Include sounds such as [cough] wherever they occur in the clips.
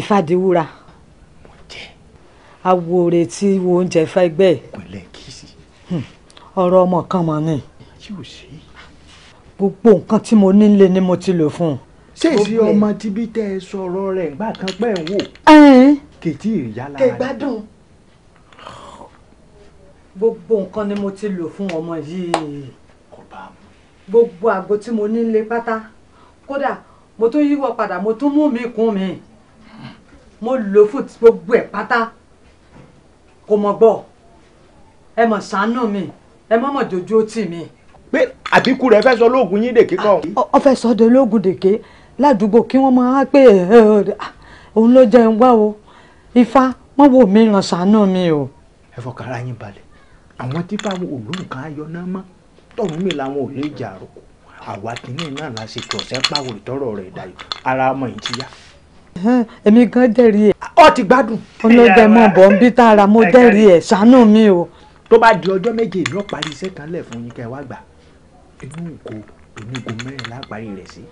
ìfàdíwúrà awo retí wo oúnjẹ fẹ́ gbẹ́ ọ̀rọ̀ ọmọ kan mọ̀ ni gbogbo nǹkan tí mo nílé ni mo ti lò fún un. ṣé èsì ọmọ tí bí tẹ ẹ sọ̀rọ̀ rẹ̀ nígbà kan pẹ́ ń wò. kètì ìyálà rẹ̀ kẹgbádùn gbogbo nǹkan ni mo ti lò fún ọmọ yìí gbogbo àgbo tí mo nílé pátá kódà mo tún yíwọ padà mo tún mú mi kún mi mo lò fún gbogbo ẹ̀ pátá kò mọ̀ gbọ́ ẹ mọ̀ ṣàánú mi ẹ mọ̀ mọ̀ dojú tì mí. pé àbíkú rẹ fẹ́ sọ lóògùn yín dèké kan. ọ fẹ́ sọ de lóògùn dèké ládùúgbò kí wọ́n máa pé ah, òun ló jẹun wá o ifá wọ́n wò mí ràn ṣàánú mi o. ẹ fọkàn ara yín balẹ̀ àwọn tí báwọn olóǹkà ayọ̀ náà mọ́ tọ̀hún mi làwọn ò lè jà rò àwa kìíní náà la ṣe tọ̀sẹ̀ pàwọ̀ ìtọ́rọ̀ rẹ̀ dayọ̀ ara ọmọ yìí ti yá èmi gan dẹ̀rí ẹ̀. ọ ti gbádùn. ọlọ́dẹ mọ̀ bọ̀ ń bí tààrà mo dẹ̀rí ẹ̀ ṣàánú mi o. tó bá di ọjọ́ méje ìlú parí iṣẹ́ kan lẹ̀ fún yín kẹ́ ẹ wá gbà inú nǹkó inú nǹkó mẹ́rin lápárí rẹ̀ sí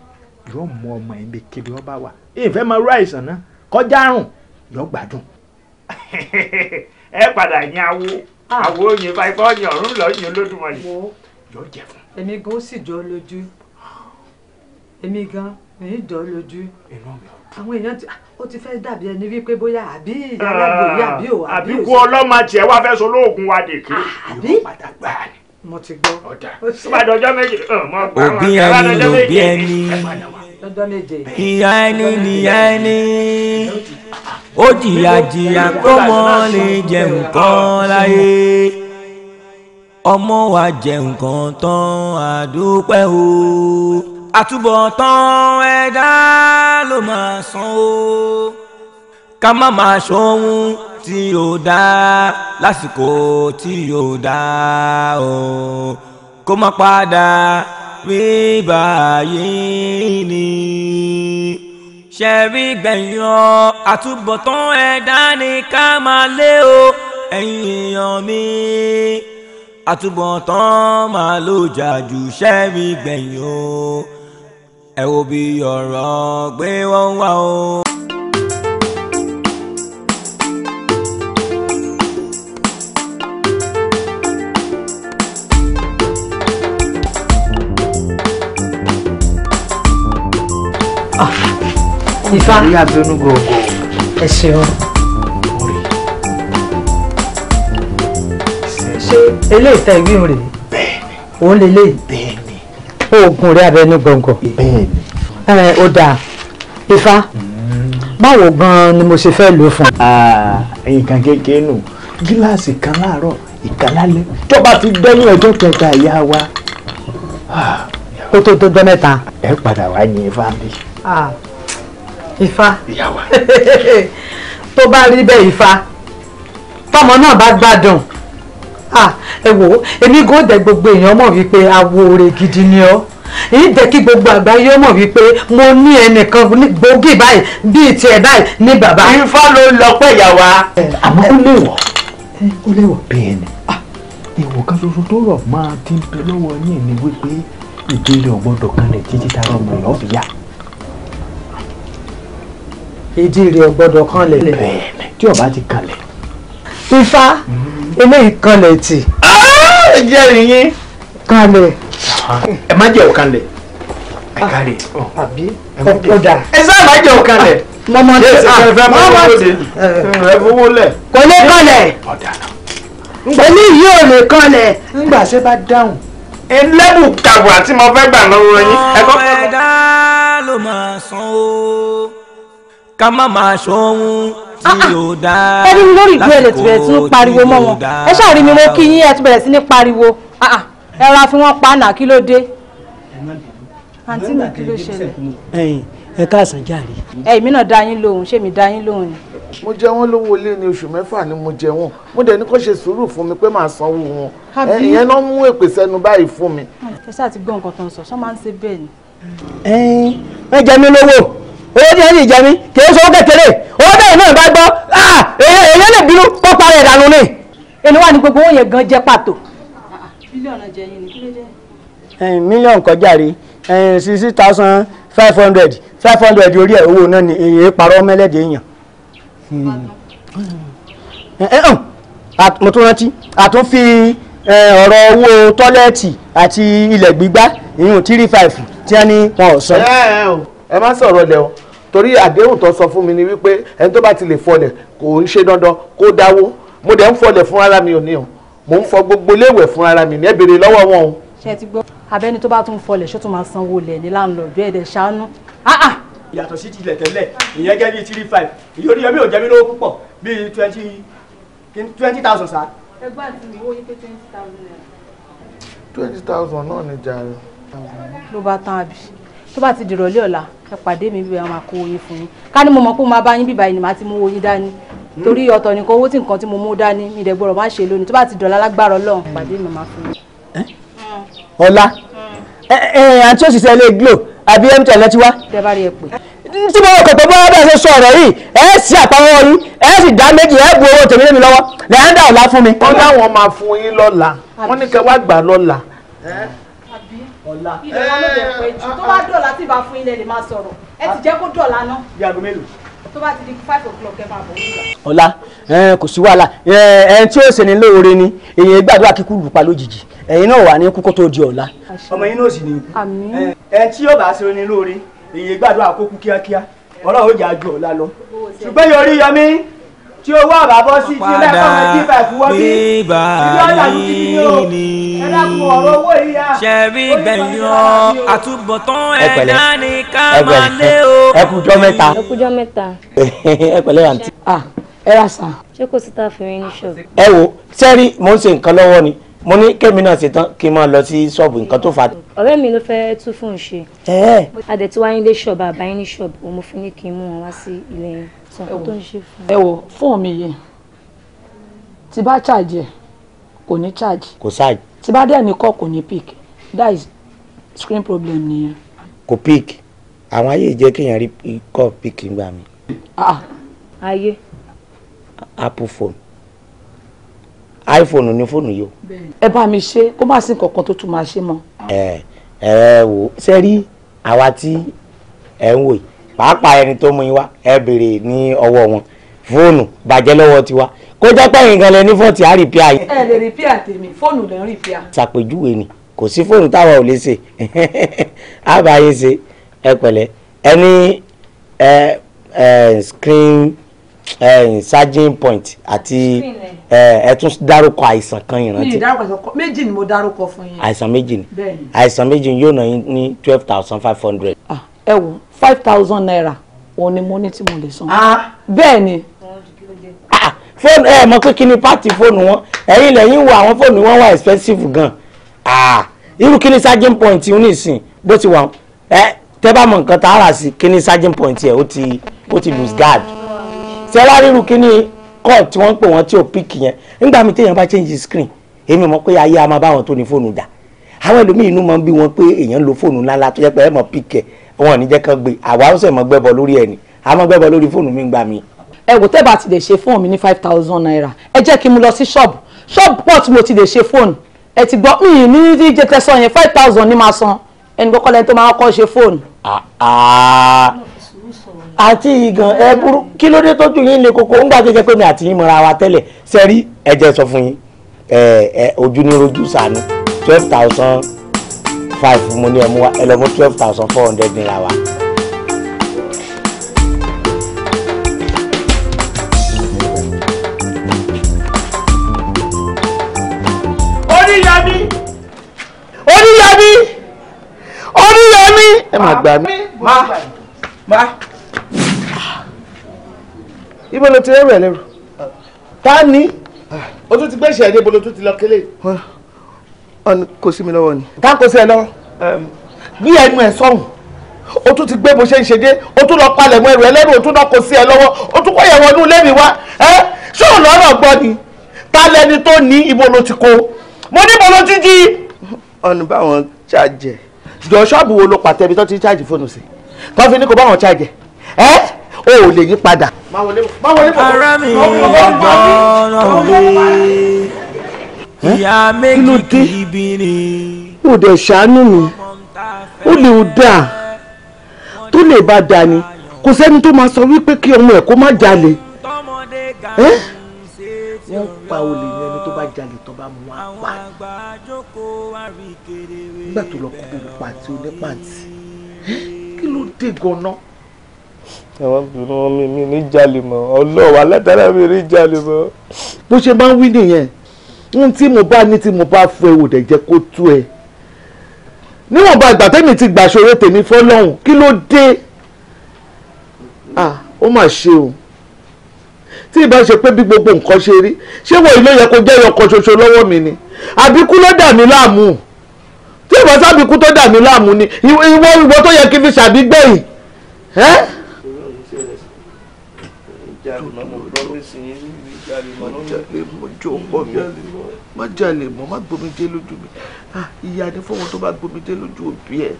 yóò mọ ọmọ ẹ̀ ń bẹ kébi wọ́n bá wà. ìfẹ́ máa rú àìsàn náà kọjá àrùn yóò gbádùn. [laughs] ẹ padà yan awo àwo ah. yẹn báyìí kọ́ ni ọ̀run lọ́yìn olódùmarè yóò jẹ fún. èmi gan ó àwọn èèyàn ti ó ti fẹ́ dàbí ẹni wípé bóyá àbí ìyá alágbèyí àbí ò àbí òsì. àbíkú tiẹ̀ wá fẹ́ so lóògùn wa dèké. àbí mo ti gbọ́. ọ̀dà ìbàdànjọ́ méje. òbí ẹni lòbí ẹni ìyá ẹni nìyá ẹni ó jìyà jìyà kó mọ́ lè jẹ nǹkan láyé ọmọ wa jẹ nǹkan tán àdúpẹ́ o àtúbọ̀tán ẹ̀dá ló máa san o ká má máa ṣohun tí yóò dá lásìkò tí yóò dá o kó má padà rí báyìí ni ṣẹ̀rí gbẹ̀yàn àtúbọ̀tán ẹ̀dá ni ká máa lé o ẹ̀yin èèyàn mi àtúbọ̀tán máa ló jà ju ṣẹ̀rí gbẹ̀yàn o ẹ wo bí ọ̀rọ̀ gbé wọ́n wá o. Ah, Ifá ìyá abẹnú gbogbo ẹ ṣeun. ṣé eléyìí tẹ ìwé rèé òun lè léyìí oògùn rẹ abẹnú gbọ̀ngàn. ẹ ó dáa ifá báwo gan-an ni mo ṣe fẹ́ lò fún. nǹkan kékeré nù gíláàsì kan láàárọ̀ ìkan lálẹ́ tó bá ti dẹ́nu ẹjọ́ kẹta ìyá wa. O tó tó dán mẹ́ta. ẹ padà wá yin ifá mi. ifá [laughs] tó bá rí bẹ́ẹ̀ ifá tọmọ náà bá gbádùn. Ah, ẹ wò ó èmi kò dẹ gbogbo èèyàn mọ̀ wípé awoore gidi ni ọ́ èyí jẹ́ kí gbogbo àgbáyé mọ̀ wípé mo ní ẹnìkan gbòógì báyìí bíi tiẹ̀ báyìí ní bàbá. ifá ló lọ pé ìyá wa. àmọ́ ó lè wọ̀ ó lè wọ̀ bẹ́ẹ̀ ni ah, ìwò kan ṣoṣo tó rọ̀ máa ti ń bẹ lọ́wọ́ yín ni wípé ìdílé ọgbọ́dọ̀ kan lè títí tára ọmọ ìyá ọ̀fìyà. ìdílé ọgbọ́dọ̀ kan lè. bẹ́ẹ̀ ni tí ọba ti kalẹ̀. ifá. Mm -hmm eléyìí kanlẹ̀ tì. Ah! jẹ́rìí yín. kanlẹ̀. ẹ má jẹ́ òkanlẹ̀ ẹ̀kárẹ̀ ah, oh. àbí ọ̀dà. ẹ sáà má jẹ́ òkanlẹ̀. mọ́mọ́ tí a mọ́mọ́ tí ẹ fowó lẹ̀. kò lè kanlẹ̀. eléyìí ò lè kanlẹ̀. nígbà ṣe bá dáhùn. ẹlẹ́bù kàwà tí mo fẹ́ gbà lọ́wọ́ yín. ọmọ ẹ̀dá ló máa san o ká má máa ṣọ́ ohun. Ah, ah. ẹni lórí ìlú ẹlẹ ti bẹ̀rẹ̀ sí ní pariwo mọ́ wọn ẹ ṣáà rí mi mo kí yín ẹ ti bẹ̀rẹ̀ sí ní pariwo ah, ẹ ra fi wọn pa àná kí ló dé àǹtí mi kí ló ṣẹlẹ̀. ẹ káàsán jàre. ẹ̀mí náà dá yín lóhùn ṣé mi dá yín lóhùn ni. mo jẹ wọn lówó ilé ní oṣù mẹ́fà ni mo jẹ wọn mo dẹ̀ ní kó ṣe sùúrù fún mi pé màá sanwó wọn ìyẹn náà mú èpè sẹ́nu báyìí fún mi. ẹ ṣáà ti gbọ́ nǹkan tó ń sọ sọ owó tí wọ́n sì jẹ mí kì í sọ kékeré owó bẹ́ẹ̀ náà bá gbọ́ ah, èyí lè bínú kó parẹ́ ìdànù ni. èlò wà ní gbogbo owó yẹn gan jẹ́ pàtó. mílíọ̀nù jẹ yín ni kí ló jẹ́. mílíọ̀nù kọjá rí sixty thousand five hundred five hundred orí ẹ̀ owó náà ni èyí parọ́ mẹ́lẹ́dẹ̀ èèyàn. Hmm. mo tún rántí a fi ọ̀rọ̀ owó tọ́lẹ́ẹ̀tì àti ilẹ̀ gbígbá ìyún three five tí wọ́n ní wọn ò sọ ẹ má sọ̀rọ̀ lẹ̀ o torí àdéhùn tó sọ fún mi ni wípé ẹni tó bá ti lè fọlẹ̀ kò ń ṣe dandan kó dáwó mo dẹ̀ ń fọlẹ̀ fún ara mi ò ní o mo ń fọ gbogbo léèwẹ̀ fún ara mi ní ẹ béèrè lọ́wọ́ wọn o. ṣé ti gbọ́ abẹ́ni tó bá tún fọlẹ̀ ṣó tún máa sanwó lẹ̀ ní láńlọ́ọ̀dù ẹ̀dẹ̀ ṣàánú ah, ah! yàtọ̀ sí tilẹ̀ tẹ́lẹ̀ ìyẹn gẹ́ bíi three five ìyórí yẹmí ò jẹ́ mi lówó púpọ̀ bíi twenty twenty thousand sa. ẹgbẹ́ àti mi owó yí pé twenty thousand naira. twenty thousand náà ni jàre. ló bá tán àbí tó bá ti dìrọ̀lẹ́ ọ̀la ẹ pàdé mi bíbá máa kó oyin fún yín ká ní mo mọ̀ pé mo máa bá yín bíbá yìí ni màá ti mú owó yín dání hmm? torí ọ̀tọ̀ nìkan owó tí nǹkan tí mo mú dání mi dẹ̀ gbọ́dọ̀ má ṣe lónìí tó bá ti dọ̀la lágbára ọlọ́run pàdé mi máa fún yín. Hmm. ọ̀la hmm. àti òṣìṣẹ́ ilé glo àbí mtn lẹ́tí wá. tẹ bá rí ẹ pè. tí mo kò tó bọ́lá bẹ́ẹ̀ ṣe sọ ọ̀rọ̀ yìí ẹ dá méjì ẹ bu owó tèmi lé mi lọ́wọ́ lẹ́yìn dà ọ̀la fún mi. wọ́n láwọn máa fún yín lọ́la ọ̀la. ìdọ̀la ló lè pẹ́ jù tó bá dọ̀la tí ìbá fún ilẹ̀ lè máa sọ̀rọ̀ ẹ ti jẹ́ kó dọ̀la ná. bí aago mélòó. tó bá ti di five o'clock ẹ máa bọ̀ nígbà. ọ̀la kò sí wàhálà ẹni tí ó ṣe ní lóore ni èyàn gbàdúrà kíkú lùpa lójijì ẹ̀yin náà wà ní kú tó di ọ̀la. ọmọ yín náà sì ní ikú ẹni tí yóò bá ṣe ní lóore èyàn gbàdúrà tí owó àbábọ́ sí ti lẹ́kọ̀ọ́ fifty five wọ́n bí mílíọ̀nù àti tìbí o ẹ dákun ọ̀rọ̀ owó yìí àtúbọ̀tán ẹ̀dá ni ká máa lé o. ẹ kújọ́ mẹ́ta. ẹ kújọ́ mẹ́ta. [laughs] ẹ ah, ẹ ra sàn. ṣé kò síta fún yín ní ṣọ́ọ̀bù. ẹ wo sẹ́rí mo ń ṣe nǹkan lọ́wọ́ ni mo ní kémi náà ṣetán kí n máa lọ sí ṣọ́ọ̀bù nǹkan tó fà. ọ̀rẹ́ mi ló fẹ́ tún fún un ṣe. adẹ̀ tí ń dé ṣọ́ọ̀bù àbáyé ní ṣọ́ọ̀bù òun mo fi ní kí n mú wọn wá sí ilé yẹn ẹ wò fóònù mi yìí tí bá charge ẹ kò ní charge. kò charge. tí bá dẹ̀ ní kọ́ kò ní pick that is screen problem nìyẹn. kò pick àwọn ayé jẹ́ kéèyàn rí kọ́ pick ńgbà mi. Ah. ayé. apple phone iphone ni fóònù yìí o. ẹ bá mi ṣe kó má sí nǹkan tó tún máa ṣe mọ́. ẹ ẹ wò ṣe rí àwa tí ẹ ń wò yìí pàápàá ẹni tó mú yín wá ẹ béèrè ní ọwọ́ wọn fóònù bàjẹ́ lọ́wọ́ tiwa kó jẹ́ pé ẹ̀yin gan ní fọ́ọ̀tì á rìpíà yìí. ẹ lè rìpíà tèmi fóònù lè rìpíà. ṣàpèjúwe ni kò sí fóònù táwa ò lè ṣe àbáyé [laughs] ṣe ẹ pẹ̀lẹ́ ẹni ẹ ẹ screen charging point àti ẹ tún dárúkọ àìsàn kan ìrántí. mi dárúkọ àìsàn kan méjì ni mo dárúkọ fún yín. àìsàn méjì ni àìsàn méjì ni yóò ná yín ní twelve thousand five hundred. Ah, ẹ wo five thousand naira òun ni mo ní tí mo lè san. Ah. bẹ́ẹ̀ ni fóònù ah, ẹ mọ̀ pé kí ni pàtì fóònù wọn ẹ̀yin lẹ́yìn wo àwọn fóònù wọn wà expensive gan ah, irú kí ni charging point ń nìsín bó ti wà ẹ tẹ́ bá mọ̀ nǹkan tá a rà sí kí ni charging point ẹ ó ti ó ti lose guard tẹ́ wá rírú kí ni call tí wọ́n ń pè wọ́n tí ò pick yẹn nígbà mi téèyàn bá change screen èmi mọ̀ pé ayé a máa bá wọn tó ní fóònù dà àwọn ẹlòmíín inú máa ń bí wọn pé èèyàn lo fóònù ńláńlá tó yẹ pé ẹ mọ̀ pick ẹ wọn ò ní jẹ́ kán gbé àwa ó sì mọ gbẹ́bọ lórí ẹni a mọ gbẹ́bọ lórí fóònù mi gbà mí. ẹ wò tẹ́bà ti lè ṣe fóònù mi ní five thousand naira ẹ jẹ́ kí n mú lọ sí ṣọ́ọ̀bù ṣọ́ọ̀bù pọ̀ tí mo ti lè ṣe fóònù ẹ ti gbọ́ mí ní ní tẹ́sán yẹn five thousand ni máa san ẹni kọ́kọ́ lẹ́ni tó máa kọ́ ṣe fóònù. Ah, ah. àti ìgàn ẹ burú kí ló dé tójú yín le koko ń gbà tó jẹ́ pé mi àti yín mọ̀ra wa tẹ́lẹ̀ sẹ́rí ẹ jẹ́ sọ fún yín ojú ní rojú thousand five mo ní ẹ mú wa ẹ lọ mú twelve thousand four hundred naira wa. oníyàmí oníyàmí oníyàmí ẹ má gbà mí. má ma, ibo ló ti rẹ́rù ẹ̀ lérò. ta ni ah. o tún ti gbé ìṣẹ̀lẹ̀ ibo ló tún ti lọ kélé ọ̀n kò sí mi lọ́wọ́ ni. ká kó sí ẹ lọ bí ẹnu ẹ sọ̀rùn o tún ti gbé bó ṣe ń ṣe dé o tún lọ palẹ̀ mọ́ ẹrù ẹlẹ́rù o tún lọ kó sí ẹ lọ́wọ́ o tún kọ́ yẹ̀wọ̀ inú ilé wá ẹ́ ṣé ò lọ́rọ̀ gbọ́ ni ta lẹni tó ní ibo ló ti kó mo ní ibo ló ti jí. ọ̀nà báwọn ṣáàjẹ̀ jọ ṣọ́ọ̀bù wo ló pàtẹ́ ibi tó ti ń ṣáàjì fóònù sí tó fi ní kó báwọn ṣáàjẹ̀ ẹ́ o ò lè yí padà. máa wọlé bọ̀ máa ìyá méjì kìí bínrin. o dẹ̀ ṣàánú mi ó lè ò dáa tó lè bá dáa ni kò sẹ́ni tó máa sọ wípé kí ọmọ ẹ̀ kó má jalè. wọ́n pa olè yẹn ni tó bá jalè tó bá mú wa nígbà tó lọ kó gbogbo pàǹtí onípàǹtí kí ló dé gan-an àwọn obìnrin wọn mi mi ní jalè mọ́ ọlọ́wà látara mi ní jalè mọ́. bó ṣe máa ń wí nìyẹn ohun tí mo bá ní tí mo bá fún ẹ wò dẹ̀ jẹ́ kó tú ẹ níwọ̀nba ìgbà tẹ́mi ti gbà ṣòro tèmi fọlọ́hún kí ló dé ah ó mà ṣe o tí ìbá ṣe pé bí gbogbo nǹkan ṣe rí ṣé wọ̀nyí ló yẹ kó jẹ́ ọkọ̀ ṣoṣo lọ́wọ́ mi ni àbíkú ló dà mí láàmú tí ìbá sábìkú tó dà mí láàmú ni ìwọ ìwọ tó yẹ kí fi ṣàbígbẹ̀yìn ẹ́ jalè mọ́ jọ ọkọ mi má jalè mọ́ má gbomijé lójú mi ah, ìyá ni fọwọ́n tó bá gbomijé lójú òbí ẹ̀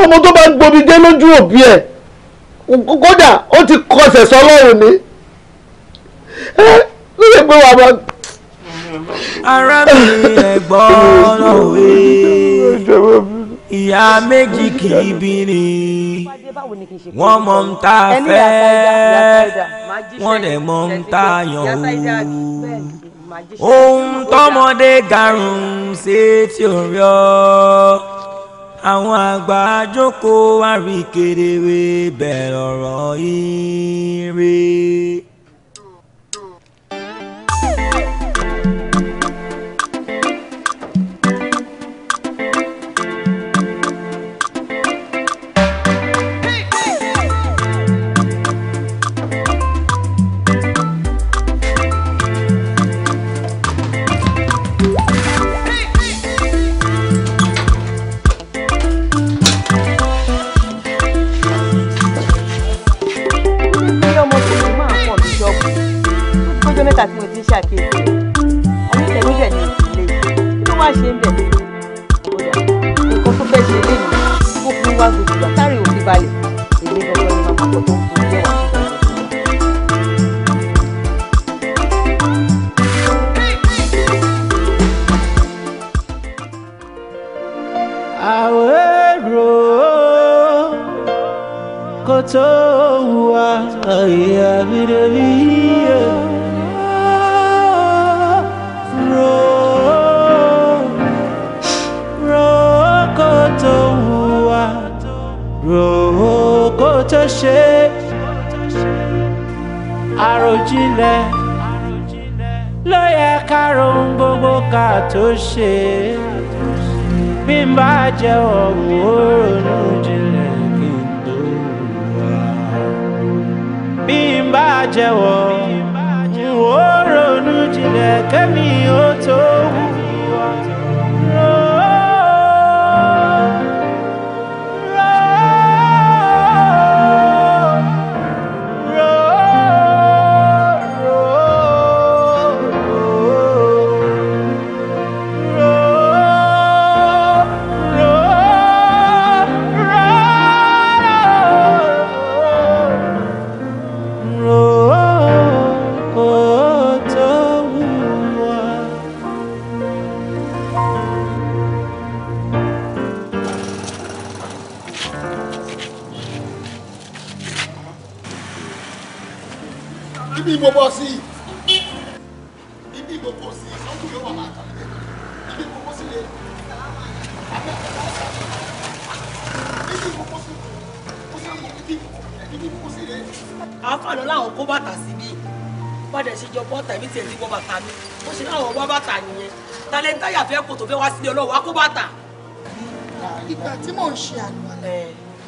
ọmọ tó bá gbomijé lójú òbí ẹ̀ kódà ó ti kọsẹ̀ sọlọ́run ni lóye pé wàá máa. ara mi ẹ̀ gbọ́ lọ́wọ́ ìyá méjì kì í bínì wọ́n mọ̀ ń ta fẹ́ wọ́n dẹ̀ mọ̀ ń ta yàn ó ohun tọmọdé garùn-ún ṣe tí ò rí ọ àwọn àgbà jókòó wá rí kedere bẹ̀rẹ̀ ọ̀rọ̀ ire.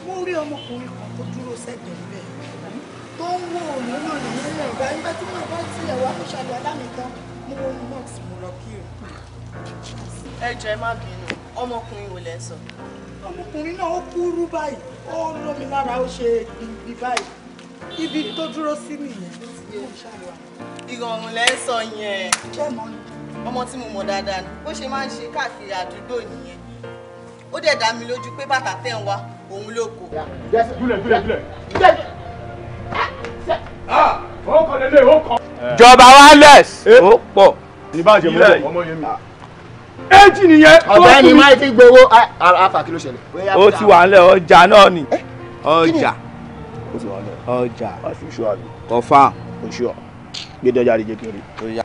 wọ́n rí ọmọkùnrin kan tó dúró sẹ́gbẹ̀ẹ́ bẹ́ẹ̀ tó ń wo òun náà nìyẹn rẹ̀ ìgbà nígbà tí mo bá tilẹ̀ wá mo ṣàlùwà lámì tán mo wo inú box mo lọ kí o. ẹ jọ̀ọ́ ẹ má bínú ọmọkùnrin wo lẹ sọ. ọmọkùnrin náà ó kúrú báyìí ó lómi lára ó ṣe ibi báyìí ibi tó dúró sí nìyẹn mo ṣàlùwà. ìrọ̀rùn lẹ sọ yẹn ọmọ tí mo mọ̀ dáadáa ni bó ṣe máa ń ṣe káàkiri àdúgbò nìyẹn ó dẹ̀ dá mi lójú pé bàtà tẹ̀ ń wá òun ló kó. júlẹ̀ júlẹ̀ júlẹ̀. Ah! ó kọ lélẹ̀ ó kọ. Eh. jọba wireless eh. ó pọ̀. ìbáṣe mú bẹ́ẹ̀ ọmọ yẹn mi. Ah. éjì nìyẹn. ọ̀gbẹ́ni máa fi gbowó afa kí ló ṣẹlẹ̀. ó ti wà nílẹ̀ ọjà náà ni eh, ọjà ọjà kọfà gbẹdọjà lè jẹ kí n rí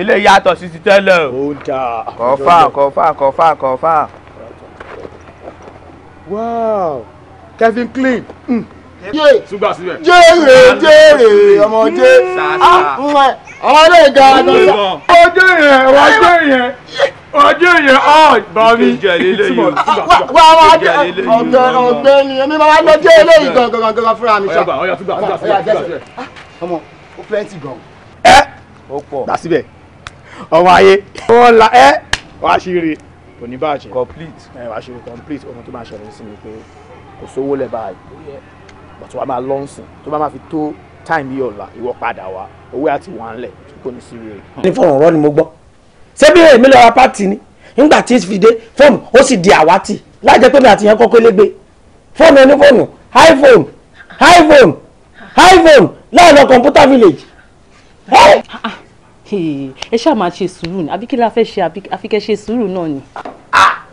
ilé yàtọ̀ sí ti tẹ́lẹ̀ o. kọfà kọfà kọfà kọfà wow kevin clean. Mm túgbà síbẹ̀. jèrè jèrè ọmọdé ah, ọmọdé ga ọjọ́ yẹn ọjọ́ yẹn ọjọ́ yẹn ọ bami ọ̀gbẹ́ni ẹni máa lọ jẹ eléyìí gangan gangan fúnra mi ah, ọmọ ó plenty gan. ẹ ó pọ̀ gbà síbẹ̀ ọmọ ayé wọn la ẹ wàá ṣe rè kò ní bàjẹ́ complete ẹ wàá ṣe complete ohun tó máa ṣẹlẹ̀ sí mi pé kò sówó lẹ̀ báyìí bàtú wa máa lọ́nsìn tó bá máa fi tó time yìí ọ̀la ìwọ padà wá owó àti wà ń lẹ̀ kò ní sí rẹ̀. ní fọ̀rọ̀ ọ̀rọ̀ ni mo gbọ́ ṣé bí èmi lọ́ra pàtì ni nígbà tí fi dé fóònù ó sì di àwátì láì jẹ́ pé mi àtìyàn kọ́kọ́ légbé fóònù ẹni fóònù iphone iphone iphone láì lọ computer village ẹ ṣáà máa ṣe sùúrù ni àbí kí la fẹ́ ṣe àfi kẹ́ ṣe sùúrù náà ni. Ah,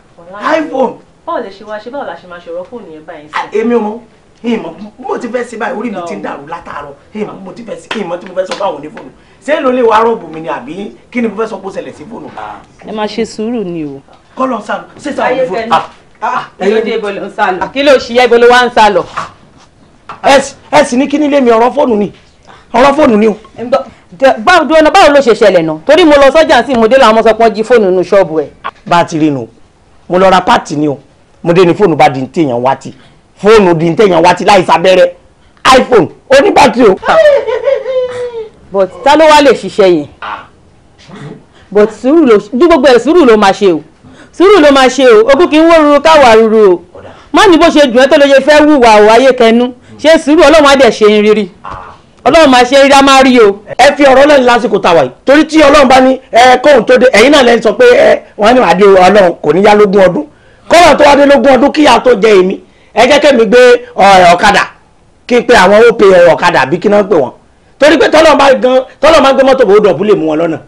iphone. báwo lè ṣe wá ṣe báwo la ṣe máa ṣọ̀rọ̀ fóònù yẹn báyìí sí. èmi mọ ìmọ̀ mo ti fẹ́ ṣe báyìí orí mi ti ń dàrú látàárọ̀ ìmọ̀ mo ti fẹ́ ṣe ìmọ̀ tí mo fẹ́ sọ fáwọn onífóònù ṣé ló lè wá rọ́ọ̀bù mi ni àbí kí ni mo fẹ́ sọ pé ó ṣẹlẹ̀ sí fóònù. Ah. ẹ máa ṣe sùúrù ni o. kọ́lọ̀ ń sálọ ṣé sáà ní fóònù. ayọ̀dẹ̀ ibo ló ń sálọ ah, kí ló ṣiyẹ́ ibo ló wá ń sálọ. ẹ sì ní kí nílé mi ọ̀rọ̀ fóònù ni ọ̀rọ̀ fóònù ni o báwo báwo ló ṣe ṣẹlẹ̀ náà torí mo lọ sọ́jà sí mo dé làwọn ọmọ sọ pé wọ́n jí fóònù nínú ṣọ́ọ̀bù ẹ̀. bá a ti rí nu mo lọ ra páàtì ni o mo dé ni fóònù bá di ní téèyàn wá ti fóònù di ní téèyàn wá ti láì sábẹ́rẹ́ iphone ó ní o. but ta ló wá lè ṣiṣẹ́ yẹn but sùúrù ló bí gbogbo ẹ̀ sùúrù ló máa ṣe o sùúrù ló máa ṣe o ogún kì í wó ruru káwà ruru o má ní bó ṣe dùn ẹ́ tó lè fẹ́ wùwà ò ọlọ́run máa ṣe ríra máa rí o. ẹ fi ọ̀rọ̀ lẹ́nu lásìkò tàwa yìí torí tí ọlọ́run bá ní ẹ kóhun tó dé ẹ̀yin náà lẹ́nu sọ pé ẹ wọ́n ní àdé ọlọ́run kò ní yá lógún ọdún kọ́rọ̀ tó wá dé lógún ọdún kíyà tó jẹ èmi ẹ jẹ́ kẹ́mi gbé ọ̀kadà kí pé àwọn ó pe ọ̀kadà àbí kí náà pè wọ́n torí pé tọ́lọ́run bá gbé mọ́tò bò dọ̀bú lè mú wọn lọ́nà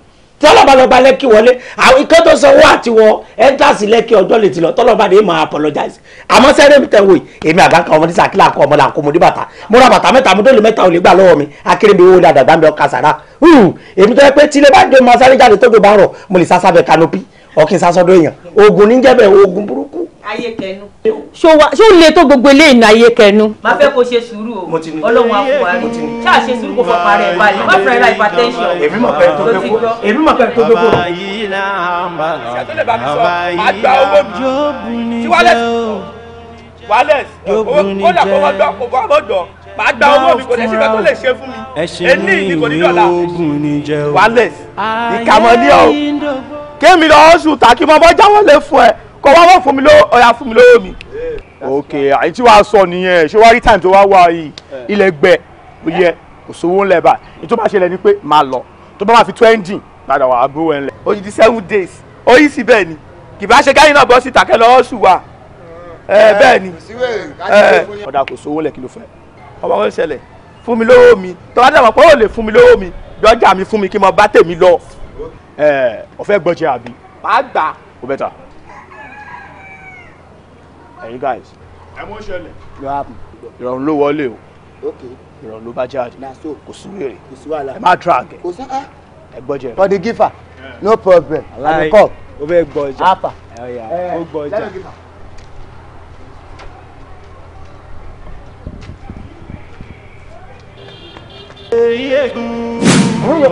tọ́lọ́ba lọ́ba lẹ́kì wọlé àwọn ikán tó sanwó àti wọ ẹ́ńtàsì lẹ́kì ọjọ́ lè ti lọ tọ́lọ́ba lè máa apologize àmọ́ sẹ́rẹ́ mi tẹ̀wé èmi àgbàkà ọmọ ní sàkílà kọ ọmọ làǹkó mo dé bàtà mo ra bàtà mẹ́ta mo dé lè ò lè gbà lọ́wọ́ mi akérèmí owó ni àdàgbà mi ọkà sàrà èmi tó yẹ pé tílé bá dé mo sáré jáde tó dé bá rọ̀ mo lè sá sábẹ́ kanopi ọ̀kìn sásọdọ̀ èèyàn ogun níjẹ́bẹ̀ ogun burúk ayé kẹnu. ṣó lè tó gbogbo eléyìí ní ayé kẹnu. má fẹ́ kó ṣe sùúrù o ọlọ́run àfọwà rẹ̀ ṣáà ṣe sùúrù kó fọpa rẹ̀ balẹ̀ má fẹ́ ra hypertension. èmi mọ̀ pẹ́ tó gbé kó èmi mọ̀ pẹ́ tó gbé kó. ṣàtúndẹ̀ bá mi sọ àgbà owó mi tí wálẹ̀ wálẹ̀ kó dà kó wọ́n dọ̀ kó wọ́n dọ̀ màá owó mi kò ní síbẹ̀ tó lè ṣe fún mi ẹni ìdí kò ní dọ̀la wálẹ̀ ìkàmọ́ ní ọ́ kémi lọ́ọ́ sùn tàkì bọ́ jáwọ́ lè fún ẹ kọ wá wọ́n fún mi lówó ọ̀yà fún mi lówó mi. ok àyè tí wàá sọ nìyẹn ṣé wàá rí time tó wá wá yìí eh. ilẹ̀ gbẹ ó yẹ ńlẹ̀ bá ní tó bá ṣẹlẹ̀ ni pé máa lọ tó bá máa fi twenty padà wàá bó ẹ̀ ńlẹ̀. ó di seven days ó yí sí bẹ́ẹ̀ ni kì bá ṣe káyìn náà bọ́ sí tàkẹ́ lọ́wọ́ sùn wa eh, eh, bẹ́ẹ̀ ni ọ̀dà kò sówó ńlẹ̀ kí ló fẹ́ ọmọ wọn ṣẹlẹ̀ fún mi lówó mi tọ́wọ́ dàgbà mi lówó mi dọ́jà mi fún mi kí mo bá tèmi lọ ọ̀fẹ́ gbọ́jẹ ẹ̀yin guys. ẹ mú ṣẹlẹ̀. ló hàpù. ìrọ̀rùn ló wọlé o. ok. ìrọ̀rùn ló bá jáde. na so kò sí wèrè. kò sí wàhálà. ẹ má drag. kò sí ẹ. ẹ gbọ́jẹ. for the giver no problem. alaye o bẹ gbọ ọjà. apa ẹ o gbọ ọjà. Oh yeah.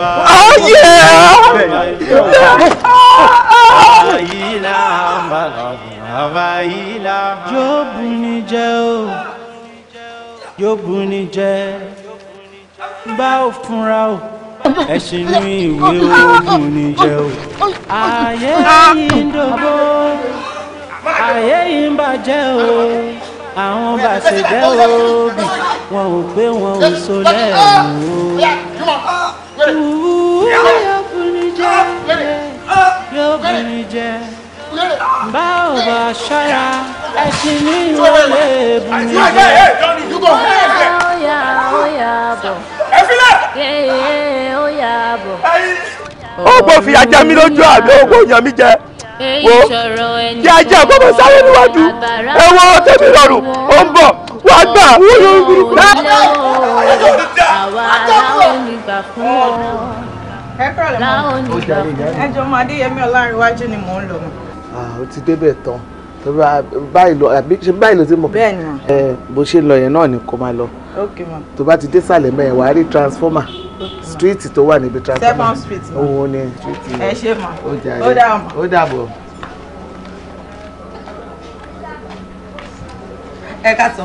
Ah, ah, ah àwa yìí là hàn. jóòbù ni jẹ́ o jóòbù ni jẹ́ bá ò fúnra o ẹ̀sìn ní ìwé oògùn ni jẹ́ o. ayé yìí ń dògbò ayé yìí ń bàjẹ́ o àwọn bá jẹ́ òbí wọn ò pé wọn ò so lẹ́nu o. yóò bìnrin jẹ́ yóò bìnrin jẹ́ bá ò bá ṣọ́ra ẹṣin ní ìwọlé bùnú. óyà óyà bọ̀. ẹ filẹ̀. kéèyè óyà ó gbọ́ fi ajá mi lójú àbí ògbó yàn mí jẹ wo kí ajá àbọ̀bọ̀ sáré níwájú ẹ wọ tẹ̀mí lọ́rùn ó ń bọ̀ wá gbà wọ́n yóò ń gbúrú. àwa làwọn onígbà fún ọ. ẹ kọ́ ọ̀la mọ́ ẹjọ́ ọmọ adéyẹmí ọlárìnwájú ni mò ń lò ó ah, ti débẹ̀ tán báyìí lọ àbí ṣe báyìí lọ sí mọ̀ ẹ bó ṣe lọ yẹn náà ni kò máa lọ tó bá ti dé sàlẹ̀ mẹ́yẹn wàá rí transformer street tó wà níbi transformer òun ni street yẹn ẹ ṣe mọ̀ ó dàbọ̀. ẹ ká sọ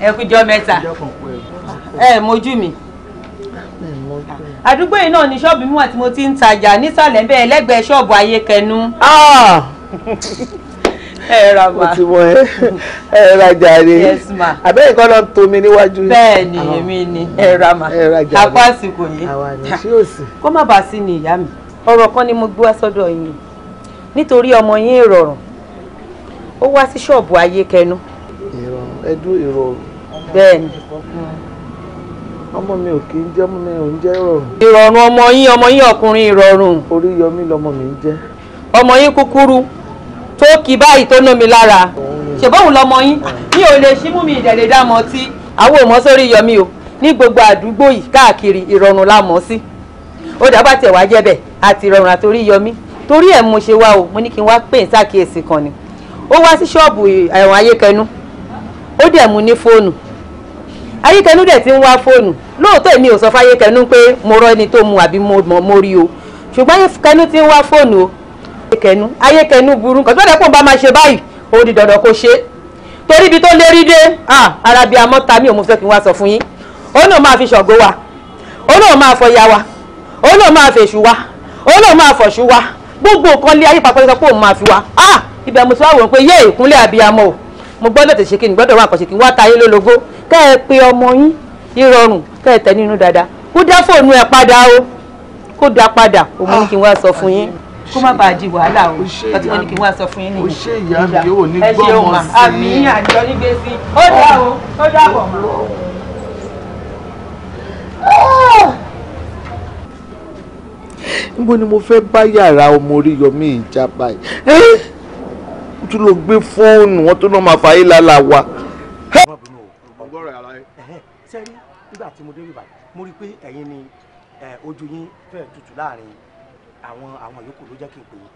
ẹ kú jọ́ mẹ́ta ẹ mojú mi. Ah. àdúgbò yìí náà ni ṣọ́ọ̀bù mi wà tí mo ti ń tajà nísàlẹ̀ ń bẹ́ẹ̀ lẹ́gbẹ̀ẹ́ ṣọ́ọ̀bù ayékẹnu. Ah. ẹ ra ma mo ti mọ ẹ ẹ ra jàre àbẹ́yìn kan náà tó mi níwájú. bẹ́ẹ̀ ni èmi ni ah. ẹ ra ma apá àsìkò yìí kó má bàa sí ni ìyá mi ọ̀rọ̀ kan ni mo gbé wá sọ́dọ̀ yín nítorí ọmọ yín ìrọ̀rùn ó wá sí ṣọ́ọ̀bù ayékẹnu. ìrọ̀rùn ẹdún ìrọ̀rùn. bẹ́ẹ̀ ni ọmọ mi ò kí ń jẹ́ ọmọ mi ò ń jẹ́ ìrọ̀rùn. ìrọ̀rùn ọmọ yín ọmọ yín ọkùnrin ìrọ̀rùn. orí yọmí lọmọ mi ń jẹ́. ọmọ yín kúkúrú tó kì báyìí tó ná mi lára ṣèbóhùn lọmọ yín mi ò lè ṣímú mi ìdẹ̀lẹ̀ dá tí àwọn ò sórí yọmí o ní gbogbo àdúgbò yìí káàkiri ìrọ̀rùn la mọ̀ sí ó dàbà tẹ̀ wá jẹ́ bẹ̀ àti ìrọ̀rùn àtòrí yọmí torí ẹ̀ o mo ní kí ayékẹnú dẹ̀ ti ń wá fóònù lóòótọ́ èmi ò sọ fún ayékẹnú pé mo rọ ẹni tó mu àbí mo mọ̀ mo rí o ṣùgbọ́n ayékẹnú ti ń wá fóònù o ayékẹnú ayékẹnú burú nǹkan tó dẹ̀ kó bá máa ṣe báyìí ó di dandan kó ṣe torí ibi tó lérí dé ara bíi amọ́ ta mi ò mú fẹ́ kí n wá sọ fún yín òun náà máa fi ṣọ̀gbó wa òun náà máa fọyà wa òun náà máa fèṣù wa òun náà máa fọ̀ṣù wa gbogbo nǹkan lé ayé papọ̀ sọ pé òun máa fi wa ibẹ̀ mo ti wá pé yé ìkúnlẹ̀ àbíyamọ o mo gbọ́dọ̀ tẹ̀ ṣe kí n gbọ́dọ̀ wà nǹkan ṣe kí n wá tayé lólobó kẹ́ ẹ pe ọmọ yín ìrọ̀rùn kẹ́ ẹ tẹ̀ nínú dáadáa kó dá fóònù ẹ padà o kó dá padà òun ní kí n wá sọ fún yín kó má bàa di wàhálà o ọtí wọn ni kí n wá sọ fún yín nìyí. o ṣe ìyá mi yóò ní gbọ́mọ sí i. àmì àjọ nígbè ó dá o ó dá bọ̀ mọ́. Ah! níbo ni mo fẹ́ bá yàrá ọmọ orí yọmí ìjà báyìí ó tún lọ gbé fóònù wọn tó náà máa fa ayélujára la wa. sẹ́rí nígbà tí mo dé Ìbàdàn mo rí i pé ẹ̀yin ni ojú yín fẹ́ tutù láàrin àwọn àwọn yòókù ló jẹ́ kí n pè yín